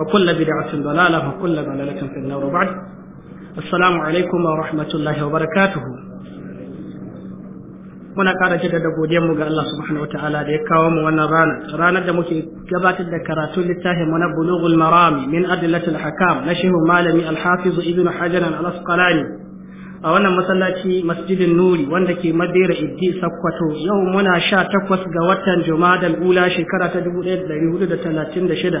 وكل بدعة ضلالة وكل ضلالة في النار وبعد السلام عليكم ورحمة الله وبركاته muna ƙara jaddada godiyarmu ga Allah subhanahu wataala da ya kawo mu wannan rana ranar da muke gabatar da karatun littafin mana bulughul marami min adillatil hakam na shehu malami alhafiz ibnu hajar al-asqalani a wannan masallaci masjidin nuri wanda ke madera iddi sakkwato yau muna sha takwas ga watan jumadal ula shekara ta dubu ɗaya da ɗari hudu da talatin da shida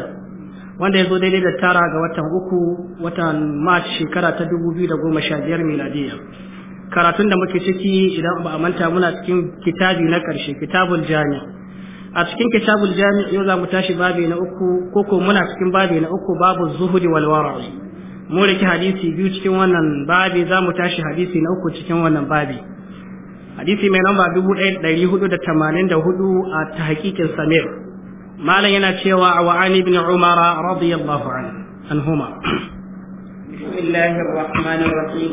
wanda ya zo daidai da tara ga watan uku watan march shekara ta dubu biyu da goma sha biyar miladiya karatun da muke ciki idan ba a manta muna cikin kitabi na karshe kitabul jami a cikin kitabul jami yau za mu tashi babi na uku ko ko muna cikin babi na uku babu zuhudi wal wara'i mu riki hadisi biyu cikin wannan babi za mu tashi hadisi na uku cikin wannan babi hadisi mai namba dubu ɗaya da ɗari hudu da tamanin da hudu a ta hakikin samir لينا yana وعن ابن عمر رضي الله عنه عنهما بسم الله الرحمن الرحيم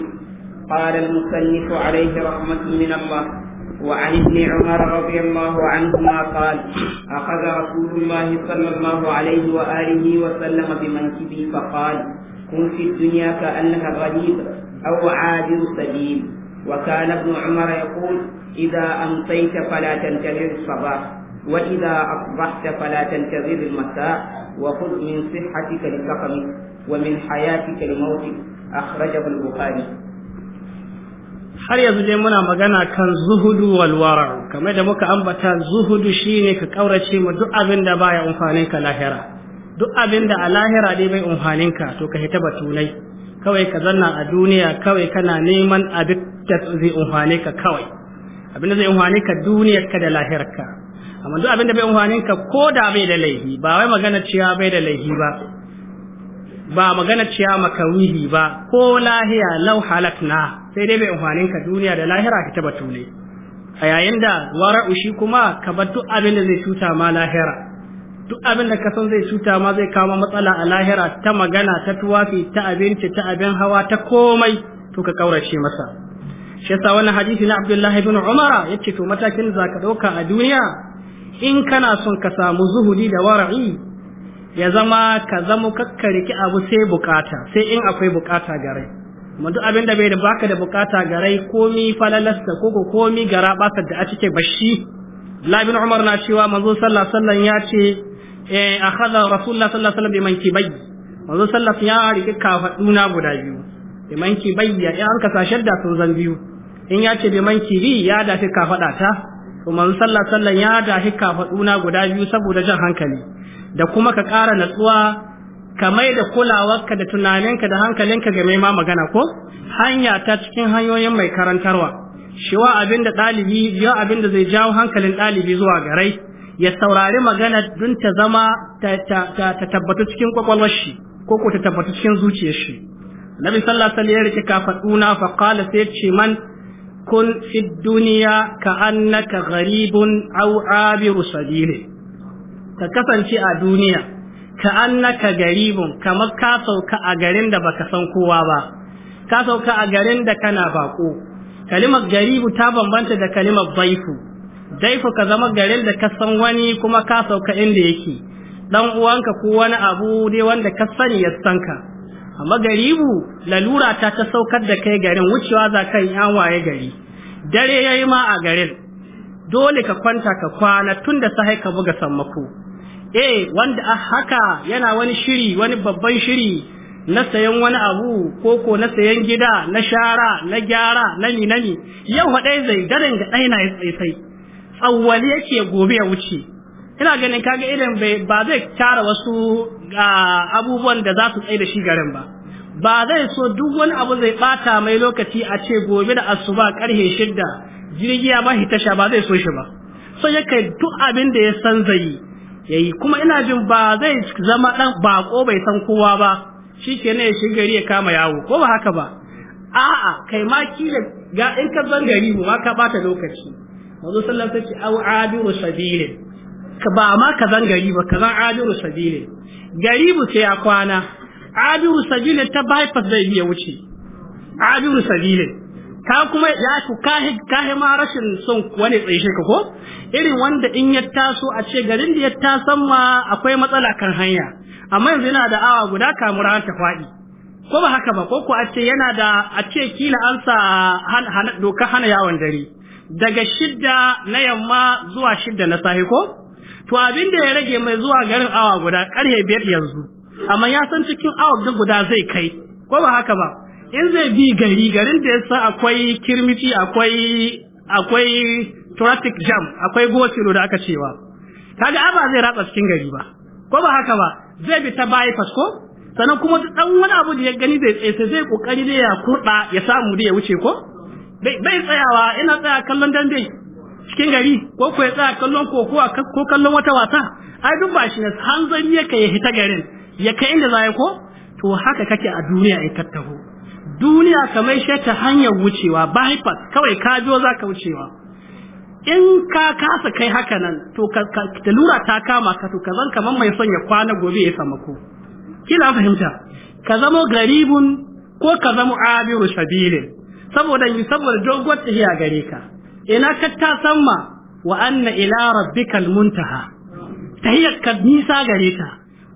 قال المسلف عليه رحمة من الله وعن ابن عمر رضي الله عنهما قال أخذ رسول الله صلى الله عليه وآله وسلم بمنكبه فقال كن في الدنيا كأنها غريب أو عادل سبيل وكان ابن عمر يقول إذا أنطيت فلا تنتهي الصباح وإذا أصبحت فلا تنتظر المساء وخذ من صحتك لسقمك ومن حياتك لموتك أخرجه البخاري har yanzu dai muna magana kan zuhudu wal wara'u kamar da muka ambata zuhudu shine ka kaurace ma duk abin da baya umfanin ka lahira duk abin da a lahira dai bai umfanin ka to ka hita batulai kawai ka zanna a duniya kawai kana neman abin da zai umfane ka kawai abin da zai umfane ka duniyar ka da lahirar ka amma duk abin da bai amfanin ka ko da bai da laifi ba wai magana ciya bai da laifi ba ba magana ciya makawihi ba ko lahiya lau halakna sai dai bai amfanin ka duniya da lahira ka taba tule a yayin da wara ushi kuma ka bar duk abin da zai cuta ma lahira duk abin da ka san zai cuta ma zai kama matsala a lahira ta magana ta tuwafi ta abinci ta abin hawa ta komai to ka kaurace masa shi yasa wannan hadisi na Abdullahi bin Umar yace to matakin zaka dauka a duniya in kana son ka samu zuhudi da wara'i ya zama ka zama kakkariki abu sai bukata sai in akwai bukata gare Mutu duk abin da bai da baka da bukata gare komi falalasta ko ko komi gara basa da a cike bashi labin umar na cewa manzo sallallahu wasallam ya ce eh akhadha rasulullah sallallahu alaihi wasallam bi mankibai manzo sallallahu ya rike na guda biyu bi mankibai ya an ka sashar da sun zan biyu in ya ce bi bi ya dace kafada ta Umar manzo sallallahu sallan ya dahi kafaduna guda biyu saboda jan hankali da kuma ka ƙara natsuwa ka mai da kulawarka da tunaninka da hankalinka game ma magana ko hanya ta cikin hanyoyin mai karantarwa shi wa abin da ɗalibi abin da zai jawo hankalin ɗalibi zuwa garai ya saurari magana don ta zama ta tabbata cikin kwakwalwar shi ko ko ta tabbata cikin zuciyar shi nabi sallallahu alaihi sallam ya rike kafaduna fa qala sai ce man kun fi duniya ka annaka gharibun aw abiru sabili ka kasance a duniya ka annaka garibun kamar ka sauka a garin da baka san kowa ba ka sauka a garin da kana bako kalimar garibu ta bambanta da kalimar baifu daifu ka zama garin da ka san wani kuma ka sauka inda yake ɗan uwanka ko wani abu dai wanda ka sani ya sanka. amma garibu lalura ta ta saukar da kai garin wucewa za kan yan waye gari dare yayi ma a garin dole ka kwanta ka kwana tun da sai ka buga sammako eh wanda haka yana wani shiri wani babban shiri na sayan wani abu ko ko na sayan gida na shara na gyara na ni yau haɗai zai daren ga ɗaya na ya tsaye tsawwali yake gobe ya wuce ina ganin kaga irin ba zai tara wasu abubuwan da za su tsaye da shi garin ba ba zai so duk wani abu zai bata mai lokaci a ce gobe da asuba karhe shidda jirgiya ya bashi tasha ba zai so shi ba so ya kai duk abin da ya san zai yi. kuma ina jin ba zai zama dan bako bai san kowa ba shikenan ya shiga gari ya kama yawo ko ba haka ba a'a kai ma kila ga in ka zan gari mu ma ka bata lokaci manzo sallallahu alaihi wasallam sai au abiru sabilin ba ma ka zan gari ba ka zan abiru sabili garibu sai ya kwana abiru sabili ta bypass zai iya wuce abiru sabili ka kuma ya ku kahi kahi ma rashin son wani tsaye ka ko irin wanda in ya taso a ce garin da ya tasan ma akwai matsala kan hanya amma yanzu yana da awa guda kamar an ta faɗi ko ba haka ba ko ku a ce yana da a ce kila an sa doka hana yawon dare daga shidda na yamma zuwa shidda na safe ko to abin da ya rage mai zuwa garin awa guda karhe biyar yanzu amma ya san cikin awa guda zai kai ko ba haka ba in zai bi gari garin da yasa akwai kirmici akwai akwai traffic jam akwai gosilo da aka cewa kaga aba zai ratsa cikin gari ba ko ba haka ba zai bi ta bypass ko sannan kuma dan wani abu da ya gani zai tsaye zai kokari da ya kurda ya samu da ya wuce ko bai tsayawa ina tsaya kallon dambe cikin gari ko ku ya tsaya kallon kokowa ko kallon wata wasa ai duk ba shi ne hanzari yake ya hita garin ya kai inda za ko to haka kake a duniya ai tattaho duniya kamar shi ta hanyar wucewa bypass kawai ka jo zaka wucewa in ka kasa kai haka nan to da lura ta kama ka to ka zan kamar mai son ya kwana gobe ya samu ko kila fahimta ka zamo garibun ko ka zamo abiru sabilin saboda yi saboda doguwar tafiya gare ka ina ka ta samma wa anna ila rabbikal muntaha tahiyyar ka nisa gare ta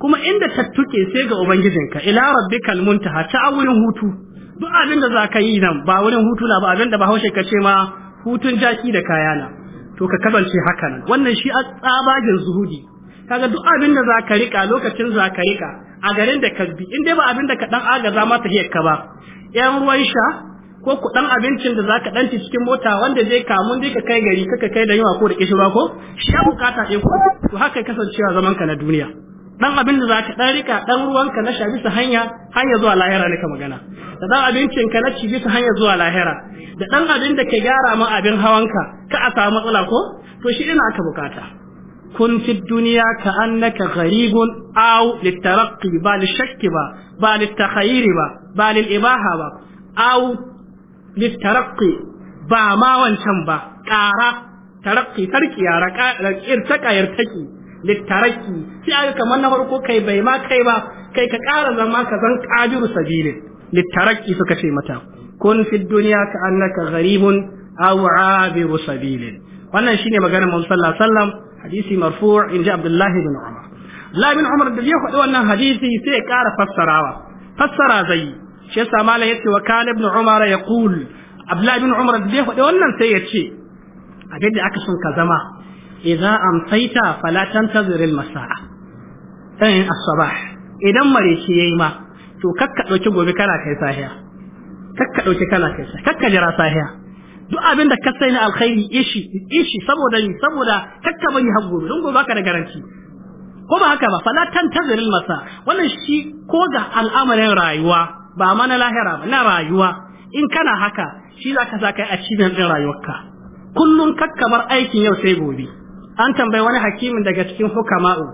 kuma inda ta tuke sai ga ubangijinka ila rabbikal muntaha ta wurin hutu duk abin da za ka yi nan ba wurin hutu na ba abin da ba haushe ka ce ma hutun jaki da kaya na to ka kasance haka nan wannan shi a tsabagen zuhudi kaga duk abin da za ka rika lokacin za ka rika a garin da ka bi in dai ba abin da ka dan agaza ma tahiyar ka ba yan ruwan sha ko ku dan abincin da zaka danci cikin mota wanda zai kamun dai ka kai gari kaka kai da yawa ko da kishi ko shi ya bukata ɗaya ko to haka kasancewa zaman ka na duniya dan abin da zaka dan rika dan ruwanka na shafi su hanya hanya zuwa lahira ne ka magana da dan abincin ka na ci bisa hanya zuwa lahira da dan abin da ke gyara ma abin hawanka ka a samu matsala ko to shi ina aka bukata kun fi duniya ka annaka gharibun aw litaraqi ba lishakki ba ba litakhayyiri ba ba ibaha ba aw littaraqqi ba ma wancan ba ƙara taraqqi tarki ya raka irtaka irtaki littaraki sai aka kamar na farko kai bai ma kai ba kai ka ƙara zama ka zan ƙabiru sabilin littaraki suka ce mata kun fi duniya ka annaka gharibun aw abiru sabilin wannan shine maganar Muhammad sallallahu alaihi wasallam hadisi marfu' in ji Abdullah ibn Umar Abdullah Umar da ya faɗi wannan hadisi sai ya ƙara fassarawa fassara zai shi yasa mala yace wa kana ibn umar yaqul abdullah ibn umar da ya faɗi wannan sai ya ce A da aka son ka zama idan amsaita fala tantazir al masaa ɗan as-sabah idan mareci yayi ma to kakka dauki gobe kana kai sahiya kakka dauki kana kai sahiya kakka jira sahiya duk abin da ka sai na alkhairi ishi ishi saboda ni saboda kakka bari har gobe don gobe baka da garanti ko ba haka ba fala tantazir al masa wannan shi ko ga al'amarin rayuwa ba mana lahira ba na rayuwa in kana haka shi za ka sa kai achievement din rayuwarka kullun kakkamar aikin yau sai gobe an tambayi wani hakimin daga cikin hukama'u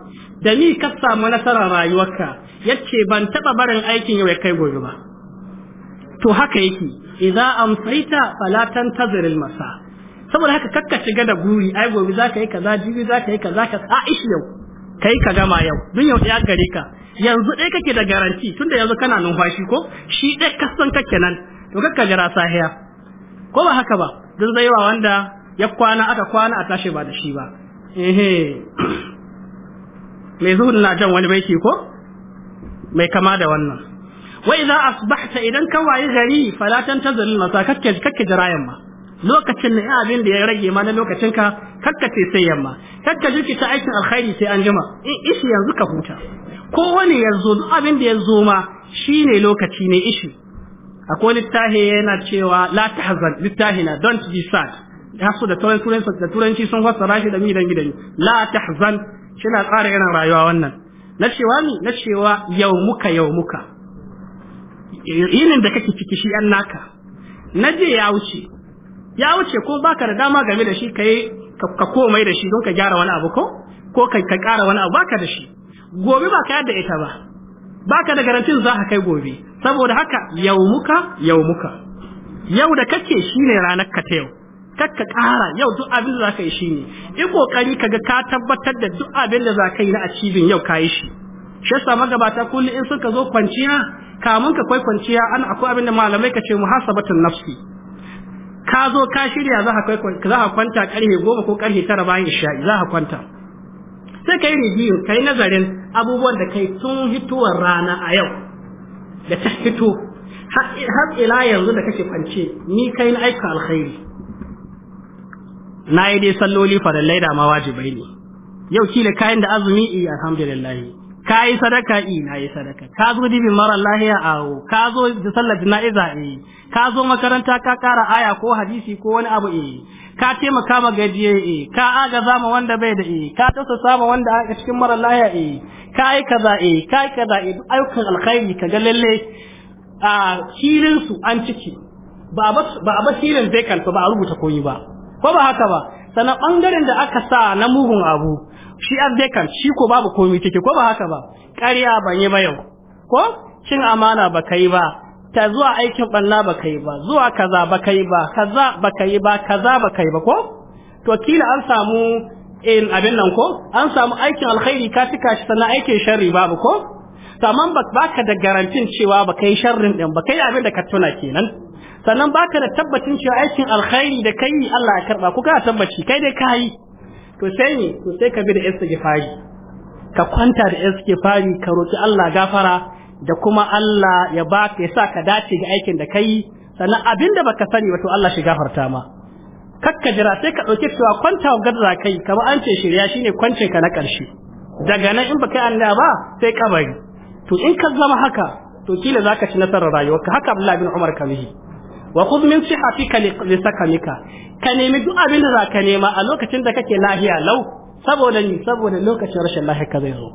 da ni ka samu nasarar rayuwarka yace ban taba barin aikin yau ya kai gobe ba to haka yake idza amsaita fala tantazir almasa saboda haka kakka shiga da guri ai gobe zaka yi kaza jibi zaka yi kaza ka yau kai ka gama yau dun yau ya gare ka yanzu ɗaya kake da garanti tunda yanzu kana numfashi ko shi ɗaya kasan kake nan to kakka jira sahiya ko ba haka ba don zaiwa wanda ya kwana aka kwana a tashi ba da shi ba ehe mai zuhun na jan wani baiki ko mai kama da wannan wa idza asbahta idan ka waye gari fala tantazil nasa kakke kakke jira yamma lokacin ne abin da ya rage ma na lokacin ka kakkace sai yamma kakka jirki ta aikin alkhairi sai an jima in ishi yanzu ka huta kowane ya zo abin da ya zo ma shine lokaci ne ishi akwai littafi yana cewa la tahzan littafi na don't be sad ya su da turanci da turanci sun fassara shi da mi dan gidan la tahzan shi na tsara yana rayuwa wannan na cewa ni na cewa yau muka yau muka yinin da kake ciki shi an naka na je ya wuce ya wuce ko baka da dama game da shi kai ka komai da shi don ka gyara wani abu ko ko ka ƙara wani abu baka da shi gobe ba ka yadda ita ba ba ka da garantin za ka kai gobe saboda haka yau muka yau muka yau da kake shi ne ranar ka ta yau kakka ƙara yau duk abin da za ka yi shi ne, in kokari ga ka tabbatar da duk abin da za ka yi na achieving yau ka yi shi shi yasa magabata kullum in suka zo kwanciya kamun ka kai kwanciya an akwai abin da malamai ka ce muhasabatun nafsi ka zo ka shirya za ka kwanta karfe goma ko karfe tara bayan isha'i za ka kwanta sai ka yi review ka yi nazarin abubuwan da kai tun hitowar rana a yau da ta fito har ila yanzu da kake kwance ni kai na aika alkhairi na yi dai salloli farallai da ma wajibai ne yau kila kayan da azumi iya eh, alhamdulillahi. ka yi sadaka i na yi sadaka ka zo dibin mara lahiya awo ka zo da sallar jana'iza e ka zo makaranta ka kara aya ko hadisi ko wani abu e ka taimaka ma gajiye e ka agaza ma wanda bai da e ka tasa sama wanda aka cikin mara lahiya e ka yi kaza e ka yi kaza e ayyukan alkhairi ka ga lalle a filin su an ciki ba a ba filin zai kalfa ba a rubuta koyi ba ko ba haka ba sannan bangaren da aka sa na mugun abu shi azzakar shi ko babu komai take ko ba haka ba ƙarya ban yi ba yau ko cin amana ba kai ba ta zuwa aikin banna ba kai ba zuwa kaza ba kai ba kaza ba kai ba kaza ba kai ba ko to kila an samu in eh, abin nan ko an samu aikin alkhairi ka tuka shi sannan aikin sharri babu ko ba baka da garantin cewa ba kai sharrin din ba kai abin da ka tuna kenan sannan baka da tabbacin cewa aikin alkhairi da kai Allah ya karba ko ka tabbaci kai dai ka yi to sai ne to sai ka bi da istighfari ka kwanta da istighfari ka roki Allah gafara da kuma Allah ya baka ya sa ka dace ga aikin da kai sannan abinda baka sani wato Allah shi gafarta ma kakka jira sai ka dauke cewa kwanta wa gadda kai kamar an ce shirya shine kwance ka na karshe daga nan in baka yi ba sai kabari to in ka zama haka to kila zaka ci nasarar rayuwarka haka Abdullahi bin Umar kamihi wa khudh min sihatika li sakamika ka nemi duk abin da zaka nema a lokacin da kake lahiya lau saboda ni saboda lokacin rashin lahiya ka zai zo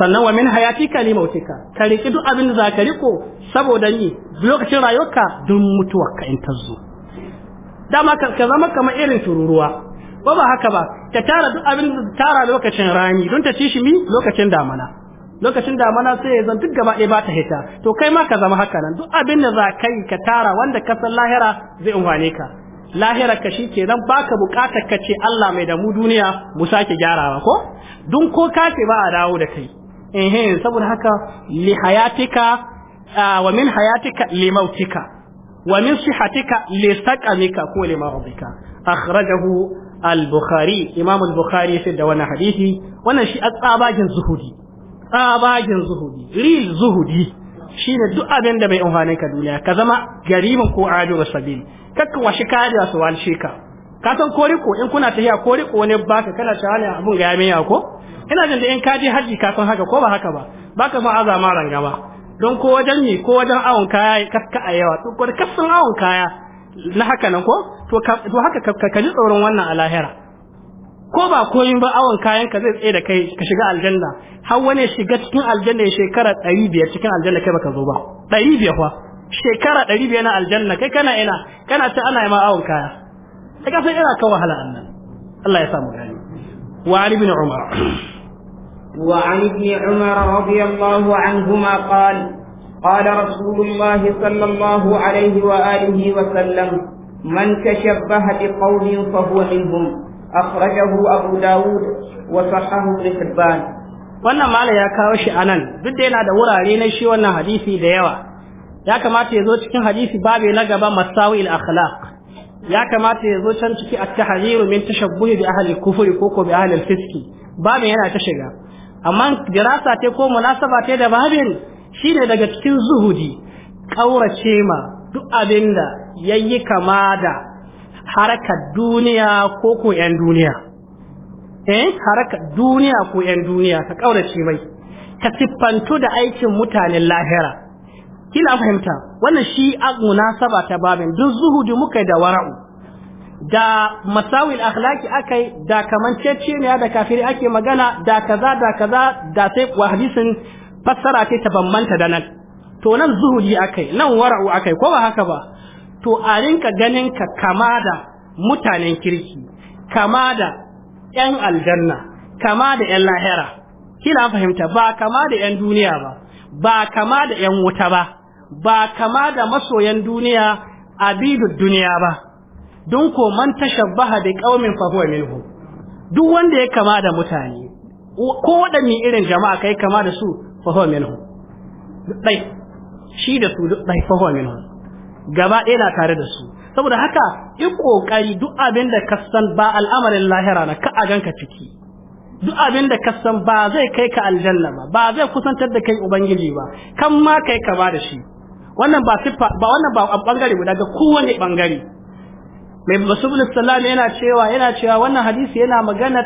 sannan wa min hayatika li mautika ka riki duk abin da zaka riko saboda ni lokacin rayuwarka dun mutuwarka in ta zo dama ka zama kamar irin tururuwa ba ba haka ba ta tara duk abin da tara lokacin rani don ta ci shi mi lokacin damana lokacin damana sai ya zan duk gaba ɗaya ba ta hita to kai ma ka zama haka nan duk abin da za kai ka tara wanda ka san lahira zai umfane ka lahira ka shi ke nan baka bukatar ka ce Allah mai damu duniya mu sake gyarawa ko dun ko ka ce ba a dawo da kai eh saboda haka li hayatika wa min hayatika li mautika wa min sihatika li saqamika ko li mawdika akhrajahu al-bukhari imam al-bukhari sai da wani hadisi wannan shi a tsabagin zuhudi tsabagen zuhudi real zuhudi shine duk abin da bai amfane ka duniya ka zama gariman ko ajo sabil kakan washi kariya su walshe ka ka san ko in kuna tafiya ko riko ne baka kana cewa ne abun ga yamiya ko ina jin da in ka je haji ka san haka ko ba haka ba baka ma azama ba. don ko wajen ni ko wajen awon kaya kaska a yawa to ko kasan awon kaya na haka nan ko to haka ka ji tsoron wannan alahira ko ba koyin ba awon kayan ka zai tsaye da kai ka shiga aljanna har wani shiga cikin aljanna ya shekara 500 cikin aljanna kai baka zo ba 500 fa shekara 500 na aljanna kai kana ina kana ta ana yi ma awon kaya sai ka san ina ka wahala annan Allah ya sa mu gani wa ali bin umar wa ali bin umar radiyallahu anhuma qala قال رسول الله صلى الله عليه وآله وسلم من تشبه بقوم فهو منهم أخرجه أبو داود وصححه ابن حبان wannan Malam ya kawo shi nan. duk da yana da wurare na shi wannan hadisi da yawa ya kamata ya zo cikin hadisi babu na gaba masawi al-akhlaq ya kamata ya zo can ciki at-tahriru min tashabbuhi bi ahli kufri ko ko bi ahli fiski babu yana ta shiga amma dirasa ta ko munasaba ta da babin shine daga cikin zuhudi kaurace ma duk abinda yayi kama da harakar duniya ko ko yan duniya eh harakar duniya ko yan duniya ka ƙaurace mai ka siffantu da aikin mutanen lahira kila fahimta wannan shi a munasaba ta babin duk zuhudi muka da wara'u da masawil akhlaki akai da kamancece ne da kafiri ake magana da kaza da kaza da sai wa hadisin fassara ta bambanta da nan to nan zuhudi akai nan wara'u akai ko ba haka ba to a rinka ganin ka kama da mutanen kirki kama da 'yan aljanna kama da 'yan lahira kina fahimta ba kama da 'yan duniya ba ba kama da 'yan wuta ba ba kama da masoyan duniya abidud duniya ba don ko man tashabbaha da qaumin fa huwa minhu duk wanda ya kama da mutane ko wadanne irin jama'a kai kama da su fa huwa minhu dai shi da su dai fa huwa minhu gaba ɗaya na tare da su saboda haka in ƙoƙari duk abin da ka san ba al'amarin lahira na ka a ganka ciki duk abin da ka san ba zai kai ka aljanna ba ba zai kusantar da kai ubangiji ba kan ma kai ka ba da shi wannan ba siffa ba wannan ba bangare guda ga kowane bangare mai basubul salam yana cewa yana cewa wannan hadisi yana magana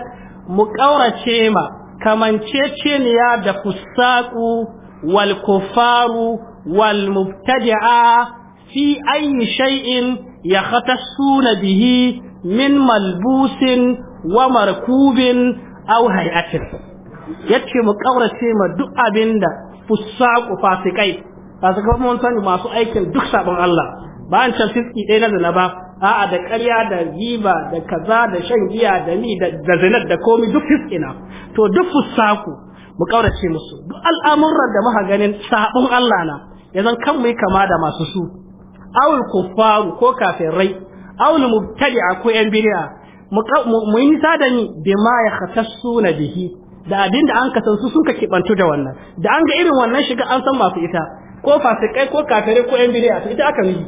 mu kaurace ma kamanceceniya da fusaku wal kufaru wal mubtadi'a fi ayi shay'in yakhtassuna bihi min malbusin wa markubin aw hay'atin yace mu kaurace ma duk abinda fusaqu fasikai fasikai mun sani masu aikin duk sabon Allah ba an fiski ɗaya na zina ba a'a da ƙarya da riba da kaza da shan giya da ni da zinar da komi duk fiskina to duk fusaku mu ƙaurace musu duk al'amuran da muka ganin sabon Allah na yanzu kan mu yi kama da masu su awul kuffaru ko kafirai awul mubtadi'a ko yan bid'a mu yi nisa da ni bima ya na bihi da abin da an san su sun ka kibantu da wannan da an ga irin wannan shiga an san masu ita ko fasikai ko kafirai ko yan bid'a ita aka yi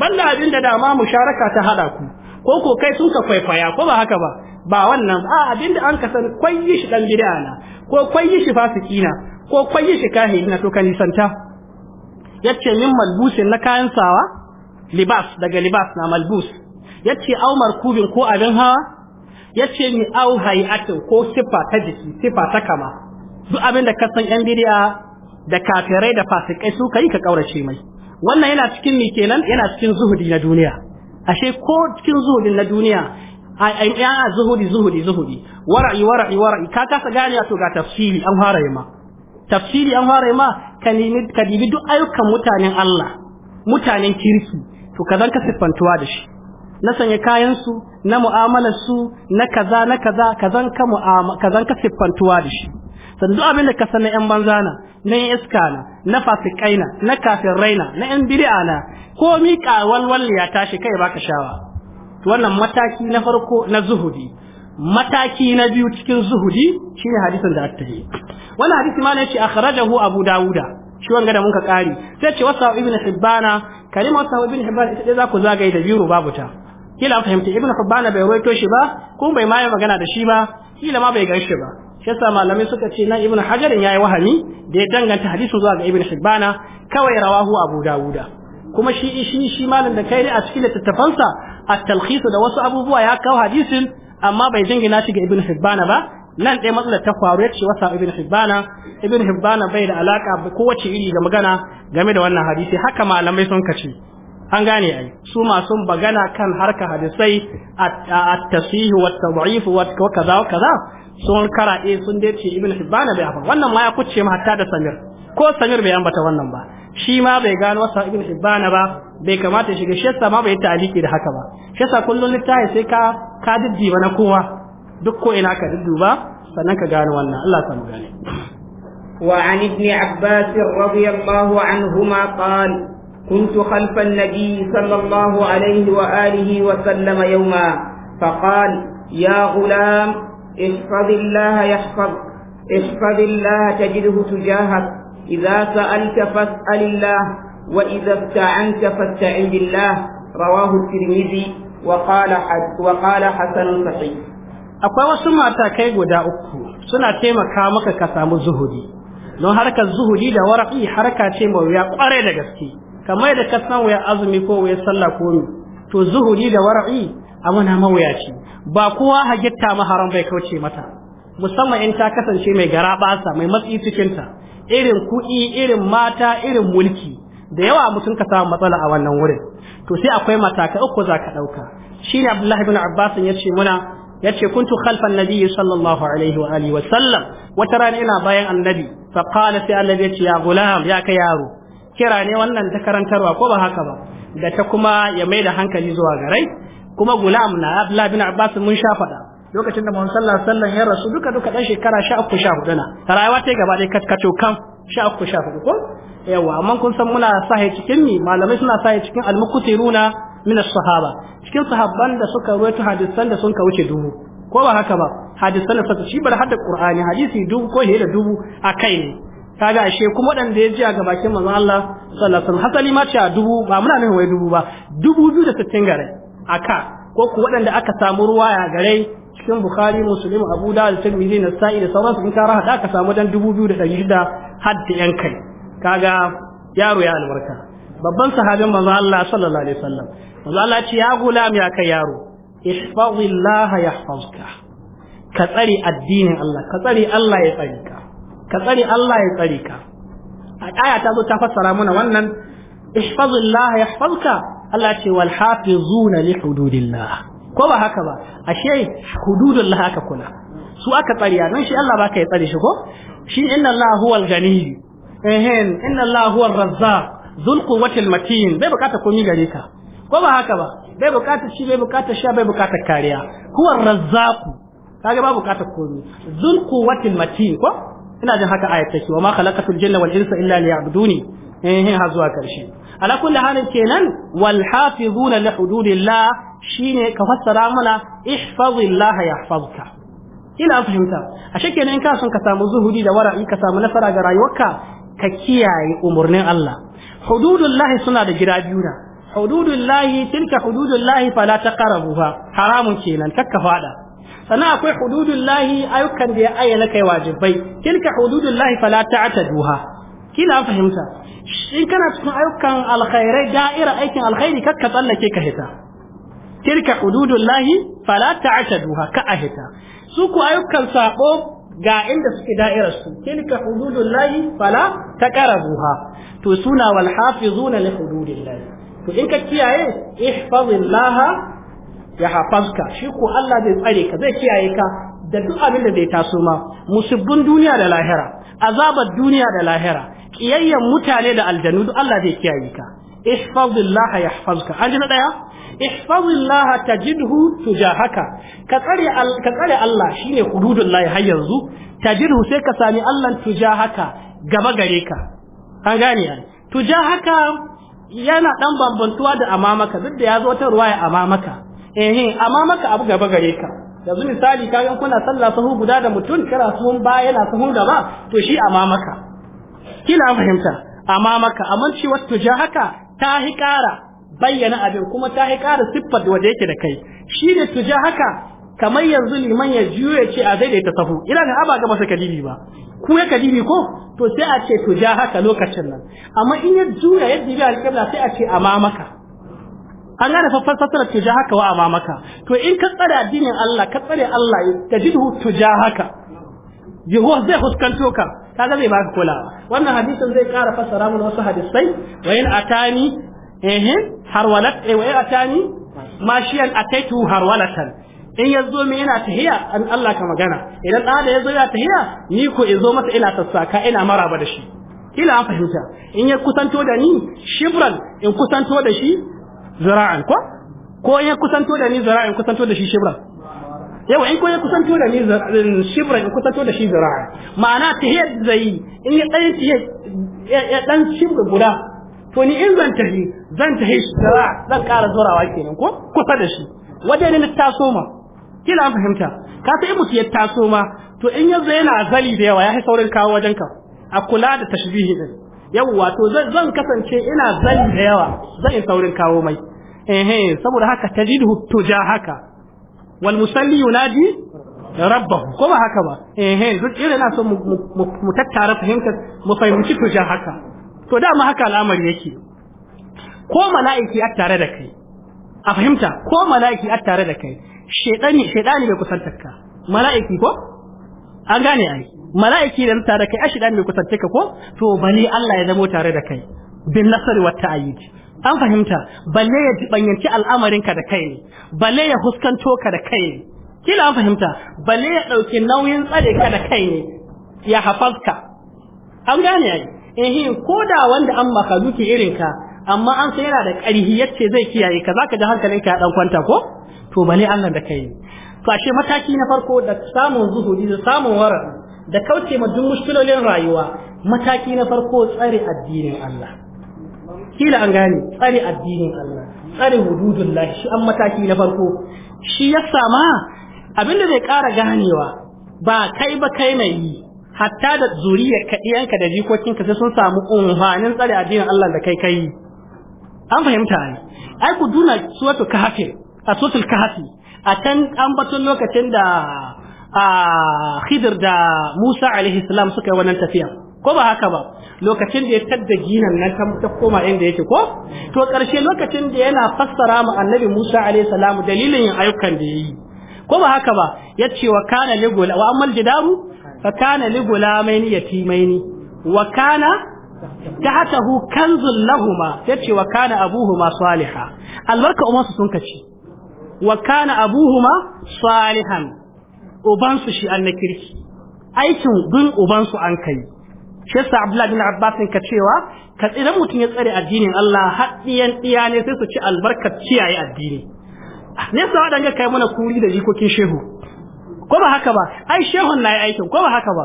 balla abin da dama musharaka ta hada ku ko ko kai sun ka kwaikwaya ko ba haka ba ba wannan a abin da an kasan kwayi shi dan bid'a na ko kwayi shi fasiki na ko kwayi shi kahiri to ka nisanta yace min malbusin na kayan sawa libas daga libas na malbus yace au markubin ko abin hawa yace ni au hay'atin ko sifa ta jiki sifa ta kama duk abin da ka san yan bidiya da kafirai da fasikai su kai ka kaurace mai wannan yana cikin ni kenan yana cikin zuhudi na duniya ashe ko cikin zuhudin na duniya ai ai zuhudi zuhudi zuhudi wara'i wara'i wara'i ka kasa gane to ga tafsiri an fara yi tafsiri an fara yi ma ka dibi duk ayyukan mutanen Allah mutanen kirki to kazan ka siffantuwa da shi na sanya kayansu na mu'amalarsu na kaza na kaza kazan ka kazan ka siffantuwa da shi sandu abin da ka san na yan banza na na yan iska na na fasikai na na raina na na yan bid'a na ko mi walwal ya tashi kai baka shawa wannan mataki na farko na zuhudi mataki na biyu cikin zuhudi shine hadisin da yi wannan hadisi ma ne ce akhrajahu abu Dawuda, shi wanga da muka kari sai ce wasa ibn hibbana kalimar sa bin hibban ita za ku zagaye da biro babu ta kila fahimta ibn hibban bai roito shi ba kuma bai ma magana da shi ba kila ma bai gaishe ba shi yasa malamai suka ce nan ibn hajar yi wahami da ya danganta hadisu zuwa ga ibn hibban kawai rawahu abu dawuda kuma shi shi shi malam da kai ne a cikin littattafansa at-talkhis da wasu abubuwa ya kawo hadisin amma bai jingina shi ga ibn hibban ba nan dai matsalar ta faru ya ce wasa ibn hibbana ibn hibbana bai da alaka kowace iri ga magana game da wannan hadisi haka malamai sun kace an gane ai su masu magana kan harka hadisai at-tasih wa tadif wa kaza wa kaza sun karaɗe eh, sun dai ce ibn hibbana bai afa. wannan ma ya kucce ma hatta da samir ko samir bai ambata wannan ba shi ma bai gano wasa ibn hibbana ba bai kamata shiga shi ma bai yi aliki da haka ba shi yasa kullun littafi sai ka ka diddiba na kowa duk ko ina ka dudduba sannan ka gane wannan Allah samu gane وعن ابن عباس رضي الله عنهما قال كنت خلف النبي صلى الله عليه وآله وسلم يوما فقال يا غلام احفظ الله يحفظك احفظ الله تجده تجاهك إذا سألت فاسأل الله وإذا استعنت فاستعن بالله رواه الترمذي وقال وقال حسن صحيح akwai wasu matakai guda uku suna taimaka maka ka samu zuhudi don harkar zuhudi da waraki harka ce mai wuya kwarai da gaske kamar da ka san wuya azumi ko wuya sallah ko mi to zuhudi da waraki a mawuya ce ba kowa hagitta maharam bai kauce mata musamman in ta kasance mai gara basa mai matsi cikin irin kuɗi irin mata irin mulki da yawa mutum ka samu matsala a wannan wurin to sai akwai matakai uku za ka ɗauka shine abdullahi bin abbas ya ce muna yace kuntu khalfan nabiy sallallahu alaihi wa alihi wa sallam wata rana ina bayan annabi fa qala sai annabi ce ya gulam ya ka yaro kira ne wannan ta karantarwa ko ba haka ba da ta kuma ya mai da hankali zuwa garai kuma gulam na abdullahi bin abbas mun sha faɗa lokacin da muhammad sallallahu alaihi wasallam ya rasu duka duka dan shekara sha sha 14 na rayuwa ta gaba dai katkato kan sha 14 ko yawa amma kun san muna sahi cikin ni malamai suna sahi cikin runa. min as-sahaba cikin sahabban da suka ruwaito hadisan da sun ka wuce dubu ko ba haka ba hadisan da suka shi bar hadda qur'ani hadisi dubu ko da dubu akai ne kaga ashe kuma wadanda ya ji a gabakin manzon Allah sallallahu alaihi wasallam hasali ma ce dubu ba muna nan wai dubu ba dubu biyu da sittin gare aka ko ku wadanda aka samu ruwaya gare cikin bukhari muslim abu da tirmidhi na sa'i da sauransu in ka raha da aka samu dan dubu biyu da ɗari shida har da yan kai kaga yaro ya albarka babban sahabin manzo Allah sallallahu alaihi wasallam manzo Allah ce ya gulam ya kai yaro ihfazillah yahfazka ka tsare addinin Allah ka tsare Allah ya tsare ka ka tsare Allah ya tsare ka a aya ta zo ta fassara mana wannan ihfazillah yahfazka Allah ce wal hafizuna li hududillah ko ba haka ba ashe hududullah aka kula su aka tsare nan shi Allah baka ya tsare shi ko shi inna Allah huwal ganiy ehem inna Allah huwar razzaq zulku watil matin bai bukata komi gare ka ko ba haka ba bai bukata shi bai bukata sha bai bukata kariya huwa razzaqu kage ba bukata komi zulku watil matin ko ina jin haka ayat take wa ma khalaqatul jinna wal insa illa liya'buduni eh, eh ha zuwa karshe ala kulli halin kenan wal hafizuna li hududillah shine ka fassara mana ihfazillaha yahfazuka ina fahimta a kenan ka son ka samu zuhudi da wara'i ka samu nasara ga rayuwarka ka kiyaye umurnin Allah hududullahi suna da gida biyu na hududullahi tilka hududullahi fala ta taqrabuha haramun kenan kakka fada sannan akwai hududullahi ayyukan da ya ayyana kai wajibai tilka hududullahi fala ta duha, kila fahimta in kana cikin ayyukan alkhairai da'ira aikin alkhairi kakka tsallake ka hita tilka hududullahi fala ta duha ka a hita, su ku ayyukan sabo ga inda suke da'irar su tilka hududullahi fala ta taqrabuha to suna wal na li hududillah to in ka kiyaye laha ya hafazka shi ko Allah zai tsare ka zai kiyaye ka da duk abin da zai taso ma musibbin duniya da lahira azabar duniya da lahira kiyayyen mutane da aljanu duk Allah zai kiyaye ka ya yahfazka an ji na daya ihfazillah tajidhu tujahaka ka tsare ka tsare Allah shine hududullahi har yanzu jidhu sai ka sami Allah tujahaka gaba gare ka an gane ai to haka yana dan bambantuwa da amamaka duk da ya zo ta ruwaya amamaka eh amamaka abu gaba gare ka yanzu misali ka ga kuna sallah sahu guda da mutum kira sun ba yana sahun gaba to shi amamaka kila fahimta amamaka amma ci wato ja haka ta hi kara bayyana abin kuma ta hi kara siffar da waje yake da kai shi da tuja haka kamar yanzu liman ya juyo ce a zai da ita sahu ina ga aba ga saka dibi ba ku ya kadibi ko to sai a ce to ja haka lokacin nan amma in ya jura yadda ya alƙibla sai a ce amamaka an gane fasara to ja haka wa amamaka to in ka tsare addinin Allah ka tsare Allah ka jidhu to ja haka Yahuwa zai huskanto ka kaga zai baka kula wannan hadisin zai ƙara fassara mana wasu hadisai wa in atani ehin harwalat eh wa in atani mashiyan ataitu harwalatan in ya zo mai yana tahiya an Allah ka magana idan ɗa da ya zo yana tahiya ni ko in zo masa ina sassaka ina maraba da shi Ina an fahimta in ya kusanto da ni shibran in kusanto da shi zira'an ko ko in ya kusanto da ni zira'an kusanto da shi shibran yau in ko ya kusanto da ni shibran in kusanto da shi zira'an ma'ana tahiyar zai in ya ɗan ya ɗan shibra guda to ni in zan tahi zan tahi shi zira'a zan ƙara zurawa kenan ko kusa da shi wajen ni ta soma kila an fahimta ka sai in ya taso ma to in yanzu yana azali da yawa ya fi saurin kawo wajen ka a kula da tashbihi din yawa to zan kasance ina zali da yawa zan yi saurin kawo mai eh eh saboda haka tajidu tuja haka wal musalli yunadi rabbahu ko ba haka ba eh duk irin na so mu tattara fahimta mu fahimci tuja haka to dama haka al'amari yake ko mala'iki a tare da kai a fahimta ko mala'iki a tare da kai shaitani shaitani bai kusantarka mala'iki ko an gane ai mala'iki da tare kai a shaitani bai kusantarka ko to bale Allah ya zamo tare da kai bin nasari wa ta'ayyid an fahimta balle ya al'amarin ka da kai ne balle ya huskanto ka da kai ne kila an fahimta balle ya dauke nauyin tsare ka da kai ne ya hafazka an gane ai eh ko da wanda an maka duki irin ka amma an sai yana da ƙarhi yace zai kiyaye ka zaka ji hankalinka ya dan kwanta ko to bale Allah da kai to ashe mataki na farko da samun zuhudi da samun wara da kauce ma duk mushkilolin rayuwa mataki na farko tsare addinin Allah kila an gane tsare addinin Allah tsare hududullah shi an mataki na farko shi ya sama abinda zai ƙara ganewa ba kai ba kai mai yi hatta da zuriyar kaɗiyanka da jikokinka sai sun samu umfanin tsare addinin Allah da kai kai an fahimta ne ai ku duna suwatu kafir a sutul kahafi a can ambaton lokacin da a khidir da musa alaihi salam suka yi wannan tafiya ko ba haka ba lokacin da ya tadda ginan nan ta koma inda yake ko to ƙarshe lokacin da yana fassara mu annabi musa alaihi salam dalilin yin ayyukan da ya yi ko ba haka ba ya ce wa kana ligula wa ammal jidaru fa kana ligula maini ni? wa kana tahtahu kanzul ya ce wa kana abuhuma salihah albarka umarsu sun kace wa kana abuhuma salihan ubansu shi an kirki aikin gun ubansu an kai shi yasa Abdullahi bin Abbas ka cewa ka idan mutum ya tsare addinin Allah haɗiyan ɗiya ne sai su ci albarkar ciyaye addini ne sa waɗanda kai mana kuri da jikokin shehu ko ba haka ba ai shehun na yi aikin ko ba haka ba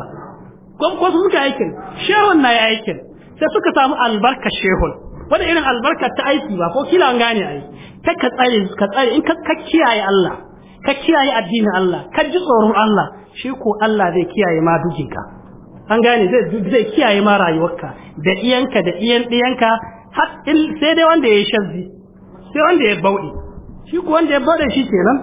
ko su suka aikin shehun na yi aikin sai suka samu albarkar shehun wani irin albarka ta aiki ba ko kila an gane ai ta ka tsare ka tsare in ka kiyaye Allah ka kiyaye addinin Allah ka ji tsoron Allah shi ko Allah zai kiyaye ma dukinka an gane zai zai kiyaye ma rayuwarka da iyanka da iyan diyanka har sai dai wanda ya yi shazzi sai wanda ya bauɗe shi ko wanda ya bauɗe shi kenan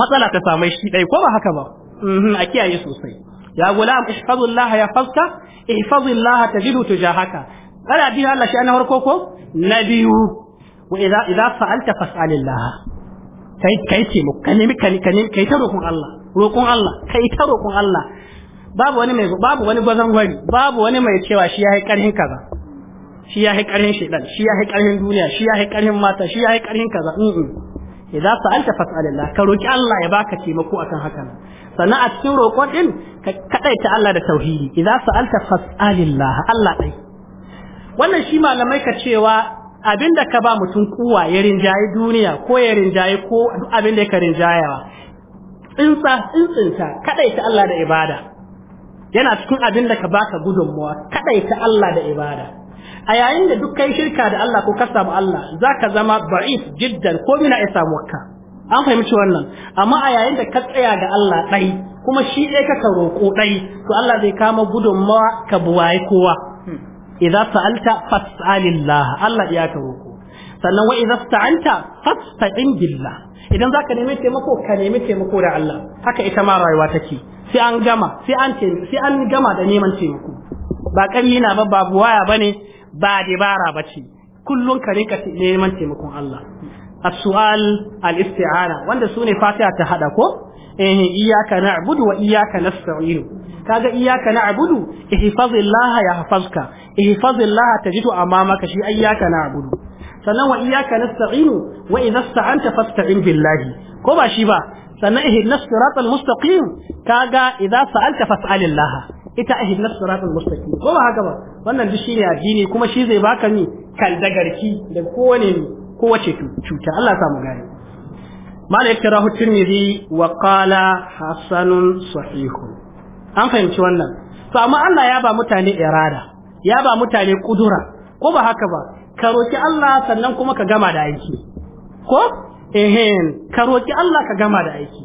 matsala ta same shi dai ko ba haka ba mhm, a kiyaye sosai ya gulam ishfadullah ya fasta ihfadullah tajidu tujahaka kada addinin Allah shi na farko ko na biyu wa idza idza fa'alta fas'alillah kai ka nemi ta roƙon Allah roƙon Allah ta roƙon Allah babu wani mai gwari babu wani mai cewa shi yayi karhin kaza shi yayi karhin shedan shi yayi karhin duniya shi yayi karhin mata shi yayi karhin kaza idza sa'alta fas'alillah ka roki Allah ya baka taimako akan hakan sannan a cikin roƙon ɗin ka ta Allah da tauhidi idza sa'alta fas'alillah Allah dai wannan shi malamai ka cewa da ka ba mutum kuwa ya rinjaye duniya ko ya rinjaye ko da ya ka rinjayawa tsinsa kaɗai ta Allah da ibada yana cikin da ka baka gudunmuwa ta Allah da ibada a yayin da duk kai shirka da Allah ko ka samu Allah zaka zama ba'if jiddan ko mina ya samu wakka an fahimci wannan amma a yayin da ka tsaya ga Allah ɗai, kuma shi ɗaya ka roƙo dai to Allah zai kama gudunmuwa ka buwaye kowa idza sa'alta fas'alillah Allah ya ka roko sannan wa idza sta'anta fasta'in billah idan zaka nemi taimako ka nemi taimako da Allah haka ita ma rayuwa take sai an gama sai an sai an gama da neman taimako ba kalli ba babu waya bane ba dabara bace kullun ka rinka neman taimakon Allah as-su'al al-isti'ana wanda sune fatiha ta hada ko eh iyyaka na'budu wa iyyaka nasta'in kaga iyyaka na'budu ihfazillaha yahfazka ihfazillaha tajidu amamaka shi iyyaka na'budu sannan wa iyyaka nasta'in wa idza sta'anta fasta'in billahi ko ba shi ba sannan ihdinas siratal mustaqim kaga idza sa'alta fas'alillah ita ihdinas siratal mustaqim ko ba haka ba wannan duk shine addini kuma shi zai baka ni kan dagarki da kowane kowace cuta Allah ya samu gani. Malik Rahu tirmidhi wa qala hasanun sahihun an fahimci wannan to amma Allah ya ba mutane irada ya ba mutane kudura ko ba haka ba ka roki Allah sannan kuma ka gama da aiki ko ehen ka roki Allah ka gama da aiki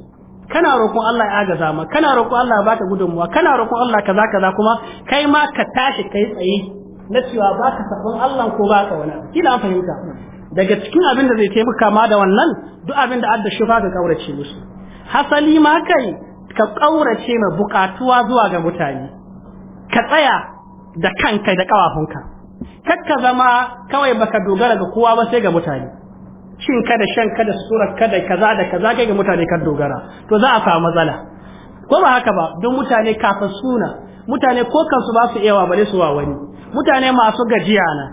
kana roƙon Allah ya agaza ma kana roƙon Allah ya baka gudunmuwa kana roƙon Allah kaza kaza kuma kai ma ka tashi kai tsaye na cewa ba ka sabon Allah ko ba ka wani kila an fahimta daga cikin abin da zai taimaka ma da wannan duk abin da adda shifa ka kaurace musu hasali ma kai ka kaurace ma bukatuwa zuwa ga mutane ka tsaya da kanka da Kar ka zama kawai baka dogara ga kowa ba sai ga mutane shin ka da shan ka da surar ka da kaza da kaza kai ga mutane ka dogara to za a samu matsala ko ba haka ba don mutane kafa suna mutane ko kansu ba su wa bare su wa wani mutane masu gajiya na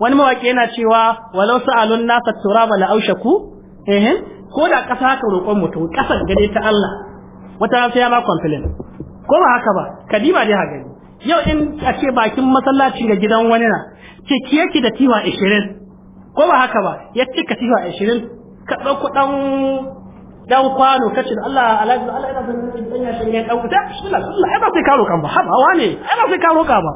wani mawaki yana cewa walau sa'alun nasa turaba la aushaku eh ko da ƙasa haka roƙon mutum ƙasa gade ta Allah wata sai ya ma complain ko ba haka ba kadima dai haka ne yau in a ce bakin masallacin ga gidan wani na ce ki da tiwa 20 ko ba haka ba ya ce ka tiwa 20 ka ɗauko ɗan dan kwano kace da Allah alaji Allah ina son dan ya shin ya dauka bismillah Allah ai ba sai ka roka ba haba wane ai ba sai ka roka ba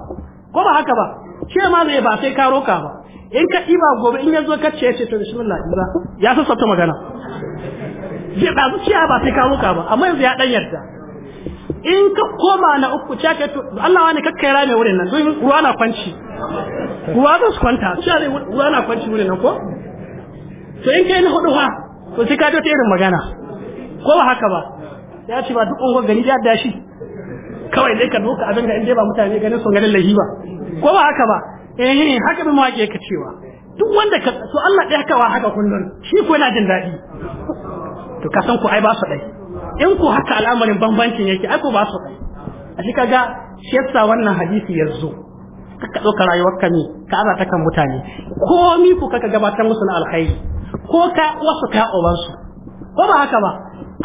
ko ba haka ba ce ma zai ba sai ka roka ba in ka ɗiba gobe in yanzu ka ce ce to bismillah ɗiba ya san sabta magana zai su ciya ba sai ka roka ba amma yanzu ya dan yarda in ka koma na uku ce ka to Allah wani kakkai rame wurin nan don ruwa na kwanci ruwa za su kwanta cewa ruwa na kwanci wurin nan ko to in kai na hudu ha to sai ka ta irin magana ko ba haka ba ya ce ba duk ungon gari ya dashi kawai dai ka doka abin da in ba mutane ganin sun ganin lahi ba ko ba haka ba eh haka ba mawaƙi ka cewa duk wanda ka so Allah ɗaya kawa haka kullun shi ko yana jin daɗi to ka san ku ai ba su ɗai in ku haka al'amarin bambancin yake ai ko ba su ɗai a shi kaga shi yasa wannan hadisi ya zo ka ɗauka rayuwar ka ne ka aza ta kan mutane ko mi ku kaka gabatar musu na alkhairi ko ka wasu ka ubansu ko ba haka ba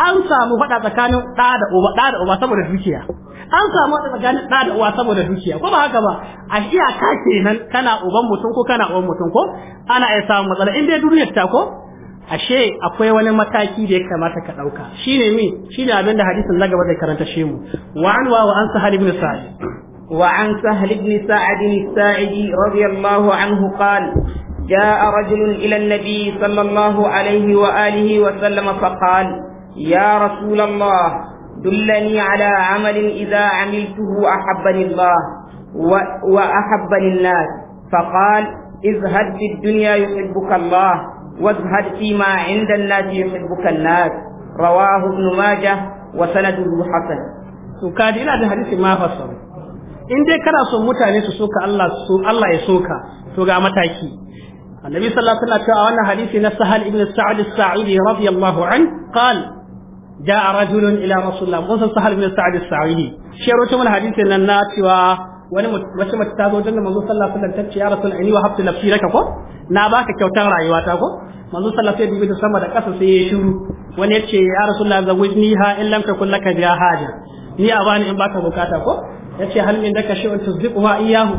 an samu faɗa tsakanin ɗa da uba ɗa da uba saboda dukiya an samu wata tsakanin ɗa da uwa saboda dukiya ko ba haka ba a iyaka kenan kana uban mutum ko kana uwan mutum ko ana iya samun matsala in dai duniyar ta ko ashe akwai wani mataki da ya kamata ka ɗauka shine mi shine abin da hadisin na gaba zai karanta shi mu wa an wa an sahal ibn sa'id wa an sahal ibn sa'id as-sa'idi radiyallahu anhu qala جاء رجل إلى النبي صلى الله عليه وآله وسلم فقال يا رسول الله دلني على عمل إذا عملته أحبني الله وأحبني الناس فقال اذهب في الدنيا يحبك الله واذهب فيما عند الناس يحبك الناس رواه ابن ماجه وسنده حسن وكاد إلى حديث ما فصل in dai kana son mutane su soka Allah Allah ya soka to ga mataki annabi sallallahu alaihi wasallam a wannan hadisi na sahal ibn sa'd as جاء رجل إلى رسول الله موسى سهل بن سعد السعيدي شيرو من حديث أن الناس wani wata mace ta zo wajen manzo sallallahu alaihi wasallam tace ya rasul ani wa habtu nafsi raka ko na baka kyautar rayuwata ko manzo sallallahu alaihi wasallam sama da kasa sai ya shiru wani yace ya rasulullah zawijni ha in lam takun laka ja haja ni a bani in baka bukata ko yace hal min daka shay'un tuzbiquha iyyahu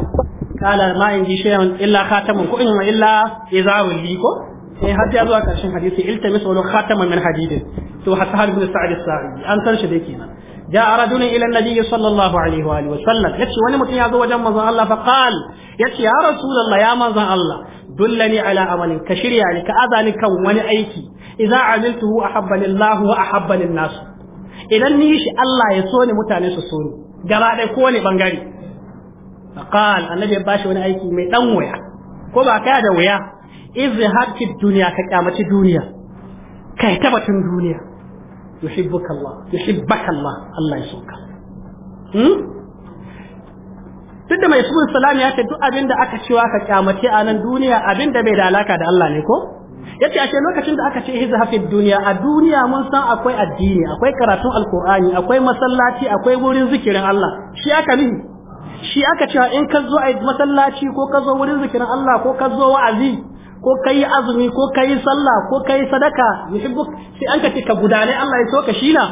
qala ma in ji shay'un illa khatamun ko in illa izarul ko Eh, sai har ya zuwa karshen hadisi iltamis wa khataman min hadidin to hasan ibn sa'id as-sa'idi an san shi dai kenan Ila رجل sallallahu alaihi صلى الله عليه واله وسلم wani mutum ya zo wajen منزon Allah فقال يتي يا رسول الله ya منزon Allah dullani ala amalin ka shirya ni ka azani kan wani aiki idza amiltuhu ahabba lillah wa ahabba linnas idan ni shi Allah ya so ni mutane su so ni gaba dai ko ne bangare faqal annabi ya bashi wani aiki mai dan waya ko ba kai da waya izhad fi duniya ka kyamaci duniya kai tabbatin duniya yuhibbuka Allah yuhibbaka Allah Allah ya soka hmm duk da mai subul salam ya ce duk abin da aka cewa ka kyamaci a nan duniya abin da bai da alaka da Allah ne ko yace ashe lokacin da aka ce izhad fi duniya a duniya mun san akwai addini akwai karatun alqur'ani akwai masallaci akwai wurin zikirin Allah shi aka nihi shi aka cewa in ka zo a masallaci ko ka zo wurin zikirin Allah ko ka zo wa'azi ko kai azumi ko kai sallah ko kai sadaka yuhibbu sai an ka ce ka gudane Allah ya so ka shina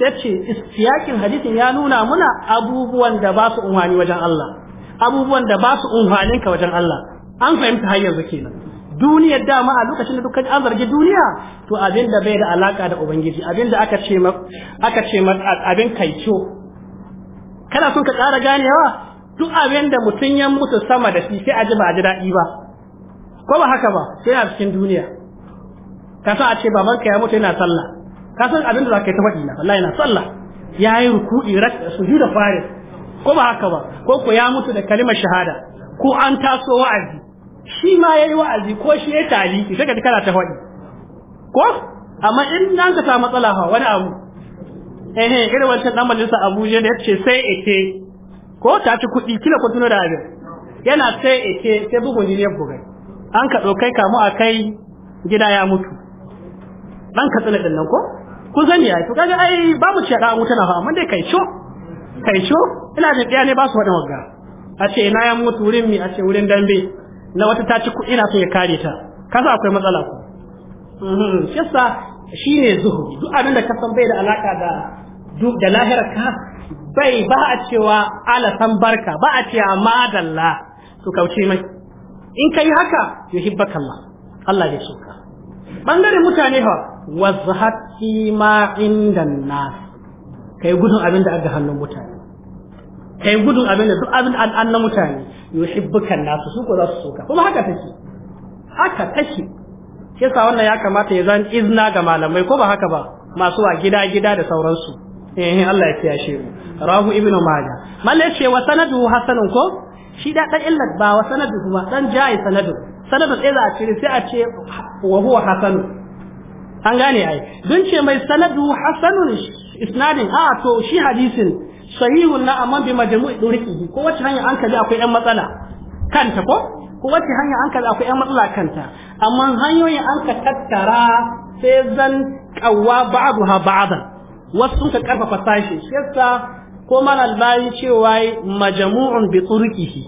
sai ce siyakin hadisin ya nuna muna abubuwan da ba su unhani wajen Allah abubuwan da ba su unhanin ka wajen Allah an fahimta har yanzu kenan duniyar dama a lokacin da dukkan an zargi duniya to abin da bai da alaka da ubangiji abin da aka ce ma aka ce ma abin kaico kana son ka tsara ganewa duk abin da mutum ya mutu sama da shi sai a ji ba a ji daɗi ba ko ba haka ba sai a cikin duniya ka sa a ce babanka ya mutu yana sallah ka san abin da za ka yi ta faɗi na wallahi yana sallah ya yi ruku'i da fare ko ba haka ba ko ko ya mutu da kalimar shahada ko an taso wa'azi shi ma yayi wa'azi ko shi ya tali sai ka ji kana ta faɗi ko amma in nan ka samu matsala fa wani abu eh eh irin wancan dan majalisa Abuja da yace sai eke ko ta ci kuɗi kila ko tuno da abin yana sai eke sai bugun ya bugai an ka ɗaukai kamu a kai gida ya mutu ɗan ka tsina ɗinnan ko ku zani ya yi to kaga ai babu mu a wuta na fa dai kai sho kai sho ina da ne ba su waɗin wagga a ce ina ya mutu wurin mi a ce wurin dambe na wata ta ci kuɗi na so ya kare ta kasa akwai matsala ku mhm. shi shine zuhu duk da ka san bai da alaka da da lahirar ka bai ba a cewa ala san barka ba a cewa madalla to kauce mai in kai haka yuhibbaka Allah Allah zai soka bangaren mutane fa wazhat fi ma indan nas kai gudun abin da aka hannun mutane kai gudun abin da duk abin da an na mutane yuhibbuka nasu su ko za su soka kuma haka take haka take shi yasa wannan ya kamata ya zan izna ga malamai ko ba haka ba masu wa gida gida da sauransu eh, eh Allah ya kiyashe shi rahu ibnu maja mallai ce wa sanadu hasanun ko shi da dan illat ba wa sanadu ba dan jayi sanadu sanadu sai za a cire sai a ce wa huwa hasanu an gane ai dun ce mai sanadu hasanun isnadin a to shi hadisin sahihun na amma bi majmu'i duriki ko wace hanya an kaji akwai yan matsala kanta ko ko wace hanya an kaji akwai yan matsala kanta amma hanyoyin an ka tattara sai zan kawwa ba'daha ba'dan wasu sun ka karfafa sashi shi yasa ko mal albani cewa majmu'un bi turqihi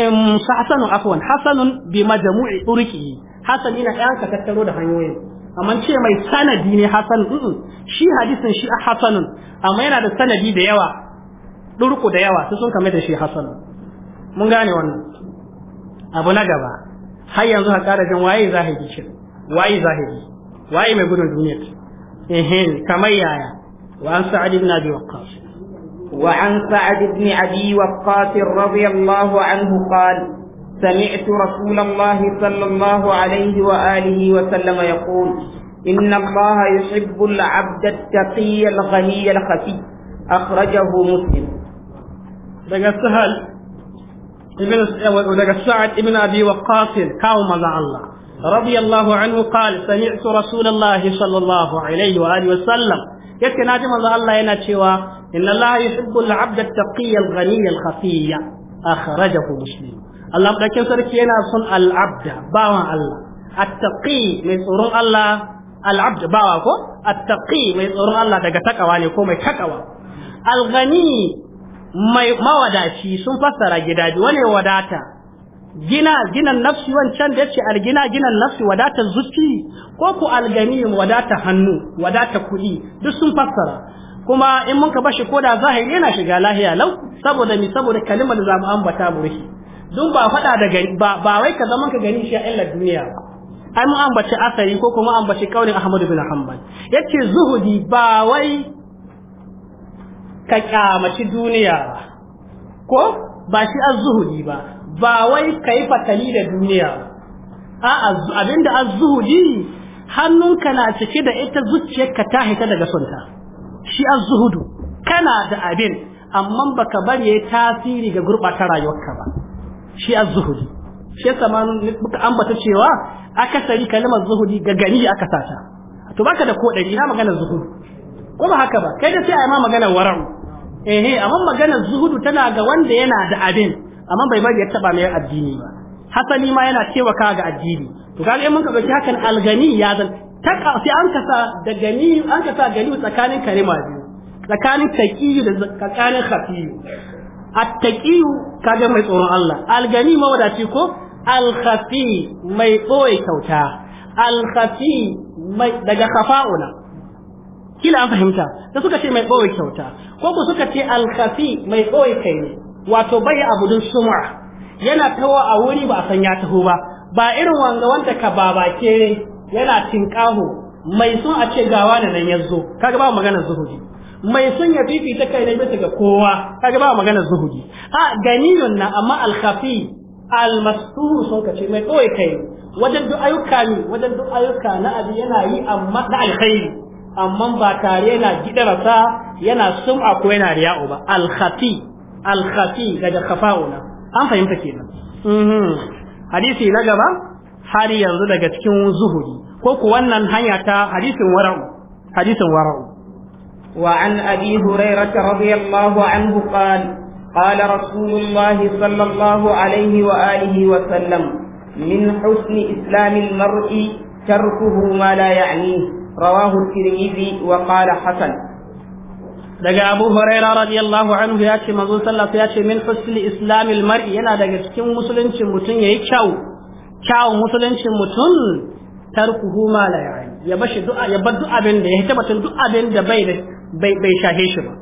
em hasanun afwan hasanun bi majmu'i turqihi hasan ina ɗan ka tattaro da hanyoyin amma ce mai sanadi ne hasan shi hadisin shi hasanun amma yana da sanadi da yawa durku da yawa su sun kame da shi hasan mun gane wannan abu na gaba har yanzu ka ƙara jin waye zahiri ce waye zahiri waye mai gudun duniya eh kamar yaya wa an ibn abi waqqas وعن سعد بن عدي وقاص رضي الله عنه قال سمعت رسول الله صلى الله عليه وآله وسلم يقول إن الله يحب العبد التقي الغني الخفي أخرجه مسلم دغ سعد بن ابي وقاص كاوم الله رضي الله عنه قال سمعت رسول الله صلى الله عليه واله وسلم yace na ji manzo Allah yana cewa inna Allah yuhibbu al-'abda at-taqiyya al-ghaniyya al-khafiyya akhrajahu muslim Allah madakin sarki yana son al-'abda bawan Allah at-taqi mai tsoron Allah al-'abd bawa ko at-taqi mai tsoron Allah daga takawa ne ko mai takawa al-ghani mai mawadaci sun fassara gidaje wani wadata gina ginan nafsi wancan da yace algina ginan nafsi wadata zuci ko ku algani wadata hannu wadata kuɗi duk sun fassara kuma in mun ka bashi koda zahiri yana shiga lahiya lau saboda mi saboda kalimar da mu ambata burhi dun ba faɗa da gari ba wai ka zama ka gani shi a illa duniya ai mun ambaci asari ko kuma ambaci kaulin Ahmad bin Hanbal yace zuhudi ba wai ka kyamaci duniya ko ba shi az-zuhudi ba ba wai ka yi fatali da duniya a abinda az-zuhudi hannunka na cike da ita zuciyarka ta hita daga sunta shi az kana da abin amma baka bari yayi tasiri ga gurbata rayuwarka ba shi az shi yasa ma muka ambata cewa akasari kalmar zuhudi ga gani aka sata to baka da ko dari na maganar zuhudu ko ba haka ba kai da sai ai ma maganar waran eh amma maganar zuhudu tana ga wanda yana da abin amma bai bari ya taba mai addini ba hasali ma yana ka ga addini to kaga in mun ka dauki hakan algani ya zan ta sai an kasa da gani an kasa gani tsakanin karima biyu tsakanin taqiyu da tsakanin khafiyu at-taqiyu kaga mai tsoron Allah algani mawadaci ko al-khafi mai boye kyauta al-khafi mai daga khafa'una kila an fahimta da suka ce mai ɓoye kyauta ko ku suka ce al-khafi mai ɓoye kai ne wato bai abu dun sum'a yana tawo a wuri ba a san ya taho ba ba irin wanga wanda ka babake yana tinkaho mai sun a ce gawa da nan yazo kaga ba magana zuhudi mai sun ya fifita kai ne bisa ga kowa kaga ba magana zuhudi a ganiyon na amma al-khafi al-mastur sun mai koyi kai wajen duk ayyuka ne wajen duk ayyuka na abi yana yi amma da alkhairi amma ba tare yana gidarasa yana sum'a ko yana riya'u ba al al daga khafa'una an fahimta kenan mhm. hadisi na gaba har yanzu daga cikin zuhuri ko ku wannan hanya ta hadisin wara'u hadisin wara'u wa an abi hurairah radiyallahu anhu qala قال رسول الله صلى الله عليه وآله وسلم من حسن إسلام المرء تركه ما لا يعنيه رواه الترمذي وقال حسن daga Abu Huraira radiyallahu anhu ya ce manzon sallallahu ya ce min husni islamil mar'i yana daga cikin musuluncin mutum yayi kyau kyau musuluncin mutum tarkuhu ma la ya'ni ya bashi du'a ya bar du'a bin da ya hita batun du'a bin da bai bai bai shahe shi ba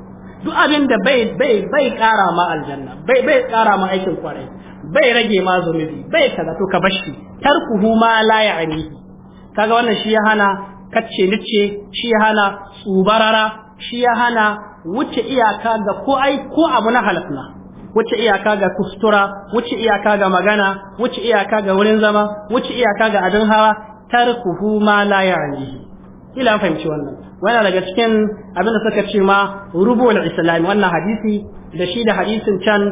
du'a bin da bai bai bai kara ma aljanna bai bai kara ma aikin kwarai bai rage ma zunubi bai kaza to ka bashi tarkuhu ma la ya'ni kaga wannan shi ya hana kacce nice shi ya hana tsubarara shi ya hana wuce iyaka ga ko ai ko abu na halafna wuce iyaka ga kustura wuce iyaka ga magana wuce iyaka ga wurin zama wuce iyaka ga abin hawa tarkuhu ma la ya'nihi ila fahimci wannan Wani daga cikin abin da suka ce ma rubul islam wannan hadisi da shi da hadisin can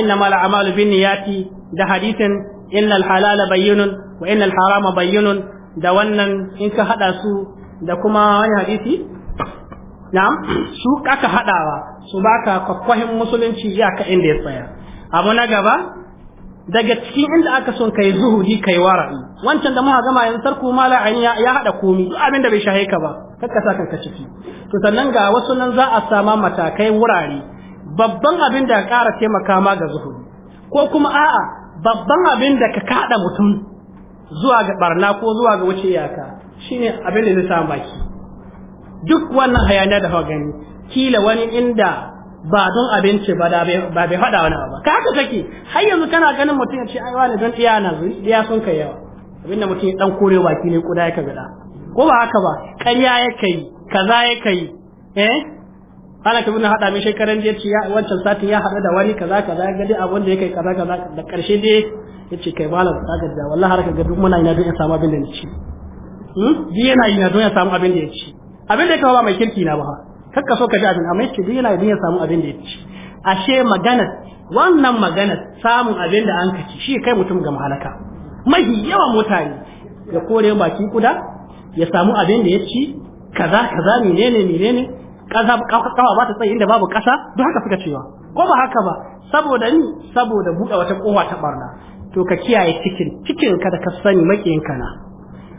inna mal a'malu binniyati da hadisin innal halala bayyinun wa innal harama bayyinun da wannan in ka hada su da kuma wani hadisi na'am su aka hadawa su baka kwakwahin musulunci ya ka inda ya tsaya abu na gaba daga cikin inda aka son kai zuhudi kai wara'i wancan da muka gama yanzu sarku mala an ya, ya hada komi duk abin da bai shahe ka ba kakka sa kanka ciki to sannan ga wasu nan za a sama matakai wurare babban abin da ƙara taimaka ma ga zuhudi ko kuma a'a babban abin da ka kada mutum zuwa ga barna ko zuwa ga wuce iyaka shine abin da zai samu baki duk wannan hayaniya da gani kila wani inda ba don abinci ba da ba bai faɗa wani ba ka haka kake har yanzu kana ganin mutum ya ce ai wani don iya na zuri iya sun kai yawa da mutum ya dan kore baki ne kuda yake gada ko ba haka ba ƙarya yake yi kaza yake yi eh ana kabin na haɗa mai shekaran da ya wancan satin ya haɗu da wani kaza kaza ya gadi abin da ya kai kaza kaza da ƙarshe dai ya ce kai malam ka gaddawa wallahi har ka ga duk muna ina hmm? don ya samu abin da ya ci na yi ina don ya samu abin da ya ci abin da ya kawo ba mai kirki na ba kakka so ka ji abin amma yake duk yana idan ya samu abin da ya ci ashe magana wannan magana samun abin da an kaci shi kai mutum ga mahalaka mahi yawan mutane ya kore baki kuda ya samu abin da ya ci kaza kaza menene menene kaza kafa ba ta tsaye inda babu kasa duk haka suka cewa ko ba haka ba saboda ni saboda buɗe wata kowa ta barna to ka kiyaye cikin cikin ka da ka sani makiyin kana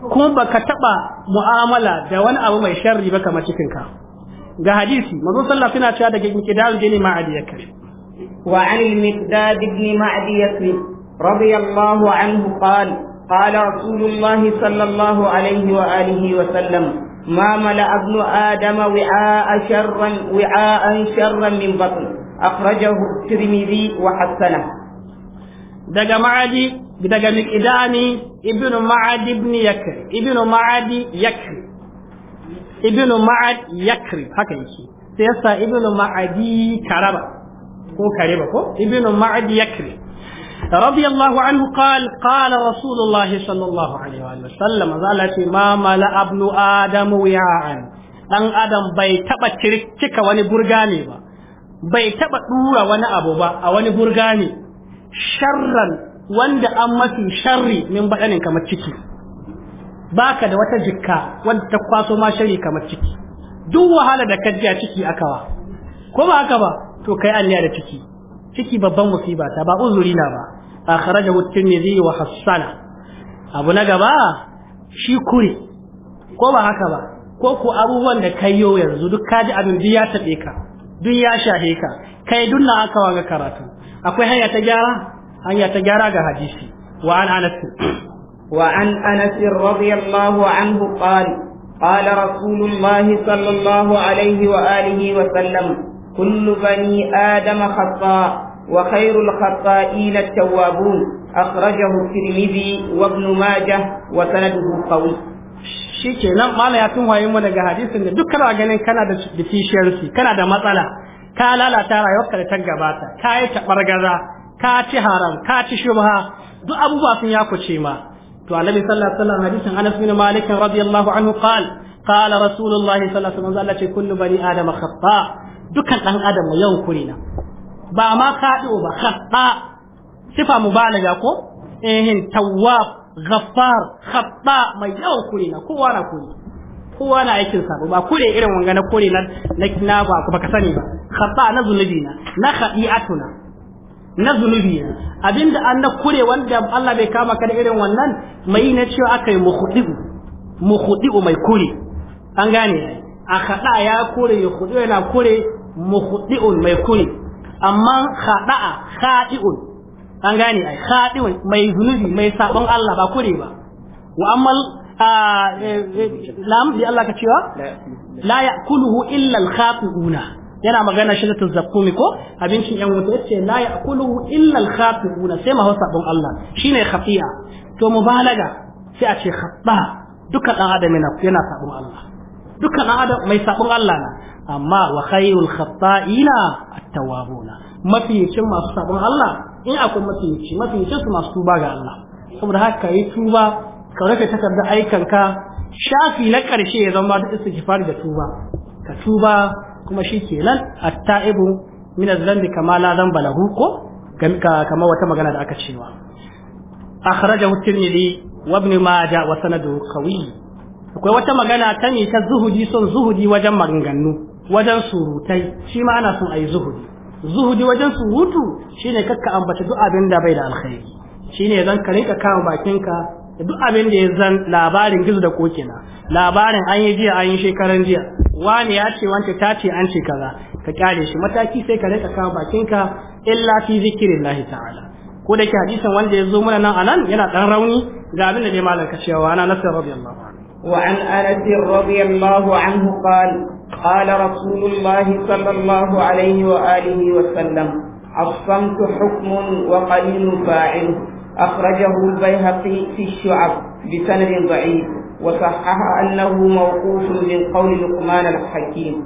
kuma baka taɓa mu'amala da wani abu mai sharri ba kamar cikin ga hadisi manzo sallallahu alaihi wasallam cewa daga kidal gini ma'adiyaka wa an al-miqdad ibn ma'adiyaka radiyallahu anhu qala قال رسول الله صلى الله عليه وآله وسلم ما ملأ ابن آدم وعاء شرا وعاء شرا من بطن أخرجه الترمذي وحسنه دقا معدي daga miqdani ibn ma'ad ibn Yakri. ibn ma'ad Yakri. ibn ma'ad Yakri, haka yake sai yasa ibn ma'adi karaba ko Kariba ko ibn ma'ad Yakri. رضي الله عنه قال قال رسول الله صلى الله عليه وسلم ذلك ما ملأ ابن آدم وعاء dan adam bai taba cika wani burgane ba bai taɓa ɗura wani abu ba a wani burgane sharran wanda an mafi sharri min baɗanin kamar ciki baka da wata jikka wanda ta kwaso ma sharri kamar ciki duk wahala da ka jiya ciki akawa ko ba haka ba to kai alliya da ciki ciki babban musiba ta ba uzuri na ba a kare da ne zai yi wa hassana abu na gaba shi kuri ko ba haka ba ko ku abubuwan da kai yau yanzu duk kaji abin duk ya taɓe ka duk ya shahe ka kai dunna aka wa ga karatu akwai hanya ta gyara hanya ta gyara ga hadisi wa an anas wa an anas radiyallahu anhu qala قال رسول الله wa sallam عليه bani وسلم كل wa آدم خطاء وخير الخطائين التوابون أخرجه الترمذي وابن ماجه وسنده قوي shi ke nan mala ya tunwaye mu daga hadisin da dukkan kana ganin kana da deficiency kana da matsala ka lalata rayuwarka da ta gabata ka yi taɓargaza ka ci haram ka ci shubha duk abubuwa sun ya kuce ma to annabi sallallahu alaihi wasallam hadisin Anas bin Malik radiyallahu anhu qal qala rasulullahi sallallahu alaihi wasallam ce kullu bani adama khata dukkan dan adam yau kurina ba ma kadi ba khata sifa mubalaga ko ehin tawwab ghaffar khata mai yau kurina kowa na kuri kowa na aikin sa ba kure irin wanga na kure na na ba ka sani ba khata na zunubi na na khati'atuna na zunubi ne abinda an na kure wanda Allah bai kama ka da irin wannan mai na cewa aka yi muhudi'u muhudi'u mai kure an gane a haɗa ya kure ya kudu yana kure muhudi'un mai kure amma haɗa'a haɗi'un an gane ai haɗi'un mai zunubi mai sabon Allah ba kure ba wa amma eh, eh, lam bi Allah ka cewa la ya'kuluhu illa al-khati'una yana magana shi ta zakumi ko abincin yan wuta yace la ya'kuluhu illa al-khafi'una sai ma sabon Allah shine khafi'a to mubalaga sai a ce khabba duka dan adam yana yana sabon Allah duka dan adam mai sabon Allah na amma wa khayrul khatta'ina at-tawwabuna mafiyicin masu sabon Allah in akwai mafiyici mafiyicin su masu tuba ga Allah saboda haka yi tuba ka rufe takardar aikanka shafi na ƙarshe ya zama da istighfar da tuba ka tuba kuma shi ke nan a taibu min adh kama la zan lahu ko kama wata magana da aka cewa akhrajahu tirmidhi wa ibn majah wa sanadu qawi akwai wata magana ta ne ta zuhudi son zuhudi wajen maganganu wajen surutai shi ma ana son yi zuhudi zuhudi wajen surutu shine kakka ambata duk abin da bai da alkhairi shine zan ka kama bakinka duk abin da ya zan labarin gizo da kokina labarin an yi jiya an yi shekaran jiya wani ya ce wance ta ce an ce kaza ka kyale shi mataki sai ka rika kawo bakinka illa fi zikirin lahi ta'ala ko da ke hadisan wanda ya zo mana nan anan yana dan rauni ga abin da dai malam ka cewa ana nasir radiyallahu anhu wa an anas radiyallahu anhu qala قال رسول الله صلى الله عليه وآله وسلم الصمت حكم وقليل فاعله أخرجه البيهقي في الشعب بسند ضعيف وصحح أنه موقوف من قول لقمان الحكيم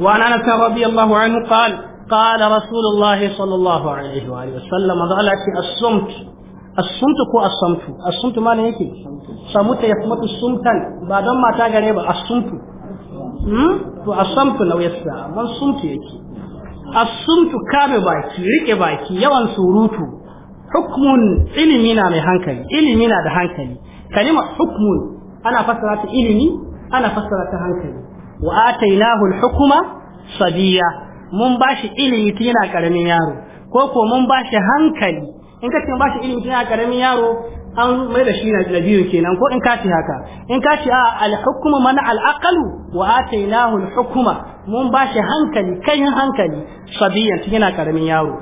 وعن أنس رضي الله عنه قال قال رسول الله صلى الله عليه وآله وسلم قال الصمت الصمت كو الصمت الصمت ما نيكي صمت يصمت الصمتا بعد ما تاغري با الصمت to asamtu na wayarsa man sumtu yake asumtu kame baki rike baki yawan surutu hukmun ilimi na mai hankali ilimi na da hankali kalimar hukmun ana fassara ta ilimi ana fassara ta hankali wa atainahu al-hukma sabiya mun bashi ilimi tun yana karamin yaro ko ko mun bashi hankali in ka ce bashi ilimi tun yana karamin yaro an mai da shi na biyu kenan ko in ka ce haka in ka ce a al-hukmu man al-aqlu wa atainahu al-hukma mun bashi hankali kayan hankali sabiyan tun yana karamin yaro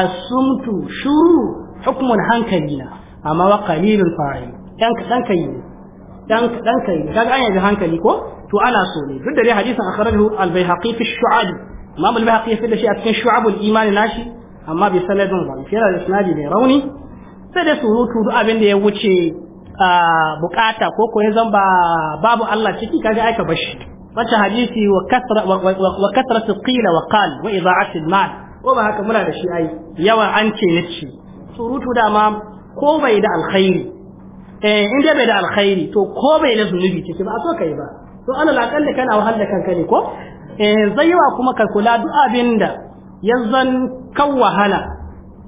asumtu shuru Hukumun hankali na amma wa qalilul fa'il dan dan kai dan dan kai kaga an yaji hankali ko to ana so ne duk da dai hadisin akhrajahu al-baihaqi fi shu'ab imam al-baihaqi fi da shi a cikin shu'abul iman nashi amma bi sanadin ba yana da sanadi mai rauni sai da surutu duk abin da ya wuce bukata ko ko zan ba babu Allah ciki kaga aika bashi wacce hadisi wa kasra wa kasratu qila wa qal wa ida'ati al-mal ko ba haka muna da shi ai yawa an ce ne ci surutu dama ko bai da alkhairi eh in dai bai da alkhairi to ko bai da zunubi ciki ba so kai ba to ana laƙalla kana wahala da kanka ne ko eh zaiwa kuma ka kula duk abin da yanzan kan wahala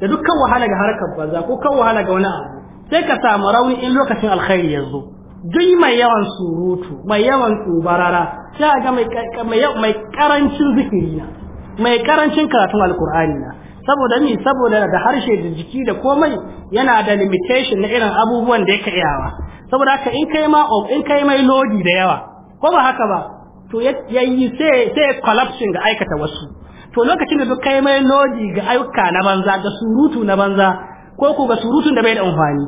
da dukkan wahala ga harkar banza ko kan wahala ga wani abu sai ka samu rauni in lokacin alkhairi ya zo duk mai yawan surutu mai yawan tsubarara sai ga mai mai karancin zikiri na mai karancin karatun alkur'ani na saboda ni saboda da harshe da jiki da komai yana da limitation na irin abubuwan da yake iyawa saboda haka in kai ma in kai mai lodi da yawa ko ba haka ba to yayi sai sai collapsing ga aikata wasu to lokacin da duk kai mai lodi ga ayyuka na banza ga surutu na banza ko ko ga surutun da bai da amfani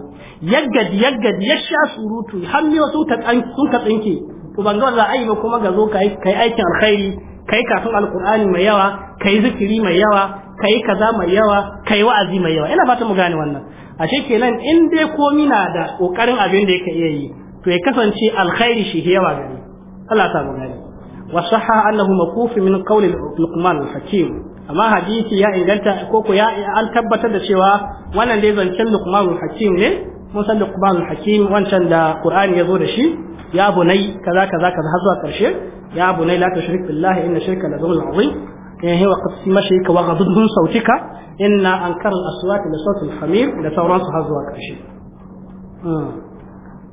yaggadi yaggadi ya sha surutu har ne wasu ta sun ka tsinke to ban ga za a yi ba kuma ga zo kai kai aikin alkhairi kai kafin alkur'ani mai yawa kai zikiri mai yawa kai kaza mai yawa kai wa'azi mai yawa ina fata mu gane wannan ashe kenan in dai komi na da kokarin abin da yake iya yi to ya kasance alkhairi shi yawa gare Allah ta mu gane wa sahha annahu min qawli luqman al-hakim amma hadisi ya inganta ko ko ya an tabbatar da cewa wannan dai zancen luqman al-hakim ne mun san luqman al-hakim wancan da qur'ani ya zo da shi ya bunai kaza kaza kaza har zuwa karshe ya bunai la tushrik billahi inna shirka la zulmun eh wa qad ka waƙa ghadudun sautika in na al-aswat la sawt al-hamir da sauransu har zuwa ƙarshe. in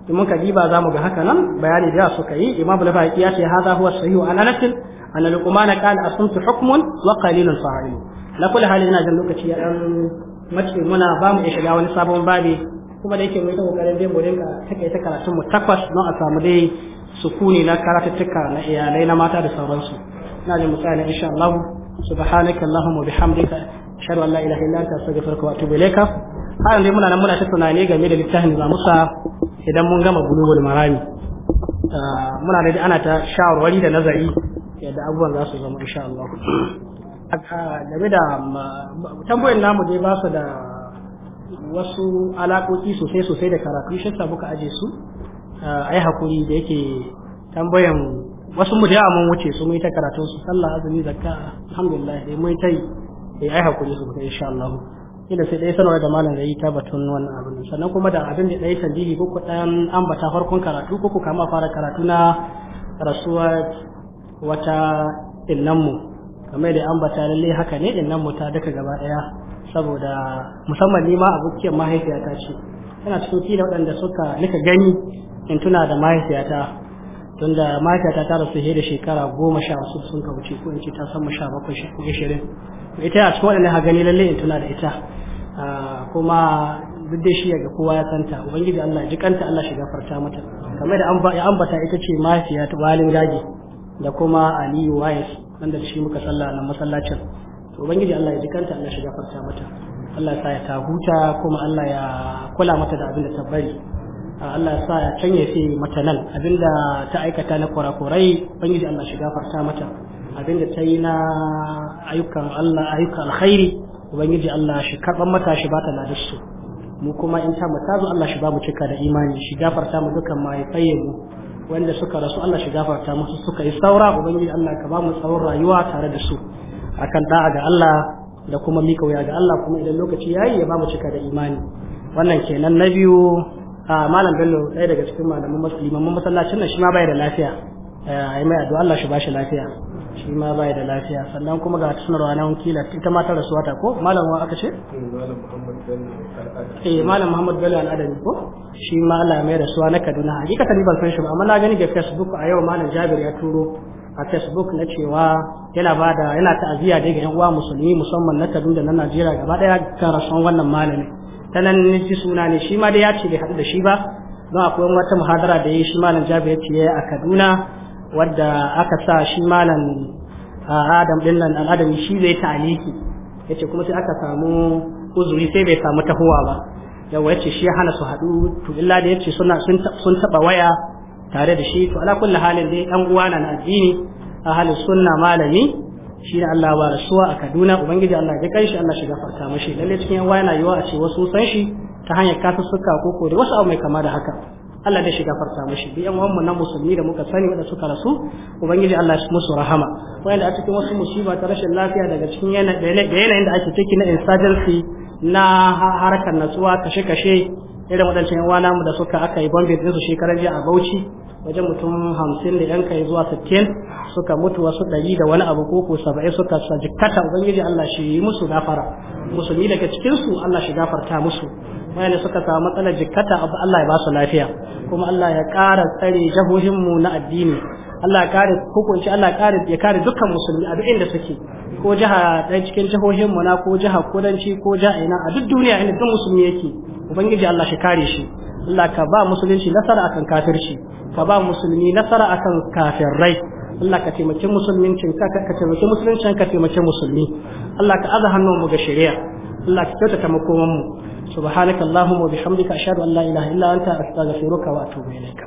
hmm. muka diba za mu ga haka nan bayani da suka yi imam da baqi ya ce hadha huwa sahihu an anas an luqman qala asumtu hukmun wa qalilun fa'ilu Na kula hali ina jan lokaci ya ɗan mace muna ba mu shiga wani sabon babi kuma da yake mu yi kokarin dai mu dinga ta karatun mu takwas don a samu dai sukuni na karatuttuka na iyalai na mata da sauransu na da mutsaya na insha Allah subhanaka allahumma wa bihamdika ashhadu an la ilaha illa anta astaghfiruka wa atubu har dai muna nan muna ta tunani game da littafin zamusa musa idan mun gama bulugul marami muna da ana ta shawarwari da nazari yadda abubuwan za su zama insha Allah game da tambayoyin namu dai ba su da wasu alaƙoƙi sosai sosai da karatu shi sa muka aje su a yi hakuri da yake tambayan wasu mu da yawa mun wuce su mun yi ta karatun su sallah azumi zakka alhamdulillah dai mun ta yi eh ai hakuri su kai insha Allah ina sai dai sanarwa da malam yi ta batun wannan abin sannan kuma da abin da dai tanjihi ko ku dan ambata farkon karatu ko ku kama fara karatu na rasuwa wata innan mu kamar da ambata lalle haka ne innan mu ta daka gaba daya saboda musamman ni ma abokiyar mahaifiyata ce tana cikin kila waɗanda suka nika gani in tuna da mahaifiyata tunda mata ta tara su da shekara goma sha wasu sun ka wuce ko in ce ta sama sha bakwai sha kuma shirin ita a cikin waɗanda hagani lalle in tuna da ita ah, kuma duk da shi ga kowa ya santa ubangiji Allah ya jikanta Allah shi gafarta mata kamar da ya ambata ita ce mafiya ta walin gaji da kuma Aliyu Wayes wanda shi muka sallah na masallacin to ubangiji Allah ya jikanta Allah shi gafarta mata Allah ya sa ya ta huta kuma Allah ya kula mata da abin da ta bari Allah ya sa ya canye fi mata nan abinda ta aikata na kurakurai ubangiji Allah shiga gafarta mata abinda ta yi na ayyukan Allah ayyukan alkhairi ubangiji Allah shi karban mata shi na da su mu kuma in ta mata zo Allah shi ba mu cika da imani shi gafarta mu dukan ya mu wanda suka rasu Allah shi gafarta musu suka yi saura ubangiji Allah ka ba mu tsawon rayuwa tare da su akan da'a ga Allah da kuma mika wuya ga Allah kuma idan lokaci yayi ya ba mu cika da imani wannan kenan na biyu a malam bello ɗaya daga cikin malaman limaman masallacin nan shi ma bai da lafiya eh, a yi mai addu'a Allah shi bashi lafiya shi ma bai da lafiya sannan kuma ga wa na kila ita ma ta rasuwa ta ko malam wa aka ce eh malam Muhammad Bello al'adami eh, ko shi ma Allah mai rasuwa na Kaduna hakika ni ban san shi ba amma na gani ga Facebook a yau malam Jabir ya turo a facebook na cewa yana ba da yana ta'aziyya da yan uwa musulmi musamman na Kaduna na Najeriya gaba daya kan rasuwan wannan malami. ta nan ni ji suna ne shi ma da ya ce bai haɗu da shi ba don akwai wata muhadara da ya shi malam jabi ya ce a Kaduna wadda aka sa shi malam Adam ɗin nan Adam shi zai Ya ce kuma sai aka samu uzuri sai bai samu tahowa ba yawa ce shi hana su haɗu to illa da ce sun taɓa waya tare da shi to ala kulle halin dai dan uwa na addini ahlus sunna malami shi ne Allah ba rasuwa a Kaduna ubangiji Allah ya kai shi Allah shi gafarta mashi lalle cikin yan yana yiwa a ce wasu san shi ta hanyar kasussuka ko ko da wasu abu mai kama da haka Allah da shi gafarta mashi bi yan uwanmu na musulmi da muka sani wanda suka rasu ubangiji Allah shi musu rahama wanda a cikin wasu musiba ta rashin lafiya daga cikin yanayin da ake ciki na insurgency na harkar natsuwa kashe-kashe irin waɗancan yan wana da suka aka yi bombing ɗinsu shekaran jiya a Bauchi wajen mutum hamsin da yan kai zuwa sittin suka mutu wasu ɗari da wani abu koko saba'in suka jikkata ubangiji Allah shi yi musu gafara musulmi daga cikinsu Allah shi gafarta musu wayanda suka samu matsalar jikkata abu Allah ya ba su lafiya kuma Allah ya ƙara tsare jahohinmu na addini Allah ya kare hukunci Allah ya kare ya kare dukkan musulmi a duk inda suke ko jiha ɗan cikin jahohinmu na ko jiha kudanci ko jiha ina a duk duniya inda duk musulmi yake ubangiji Allah shi kare shi Allah ka ba musulunci nasara akan kafirci ka ba musulmi nasara akan kafirai Allah ka taimaki musulmincin ka ka taimaki musuluncin ka taimaki musulmi Allah ka aza hannun mu ga shari'a Allah ka kyautata makoman mu subhanakallahumma wa bihamdika ashhadu an la ilaha illa anta astaghfiruka wa atubu ilaik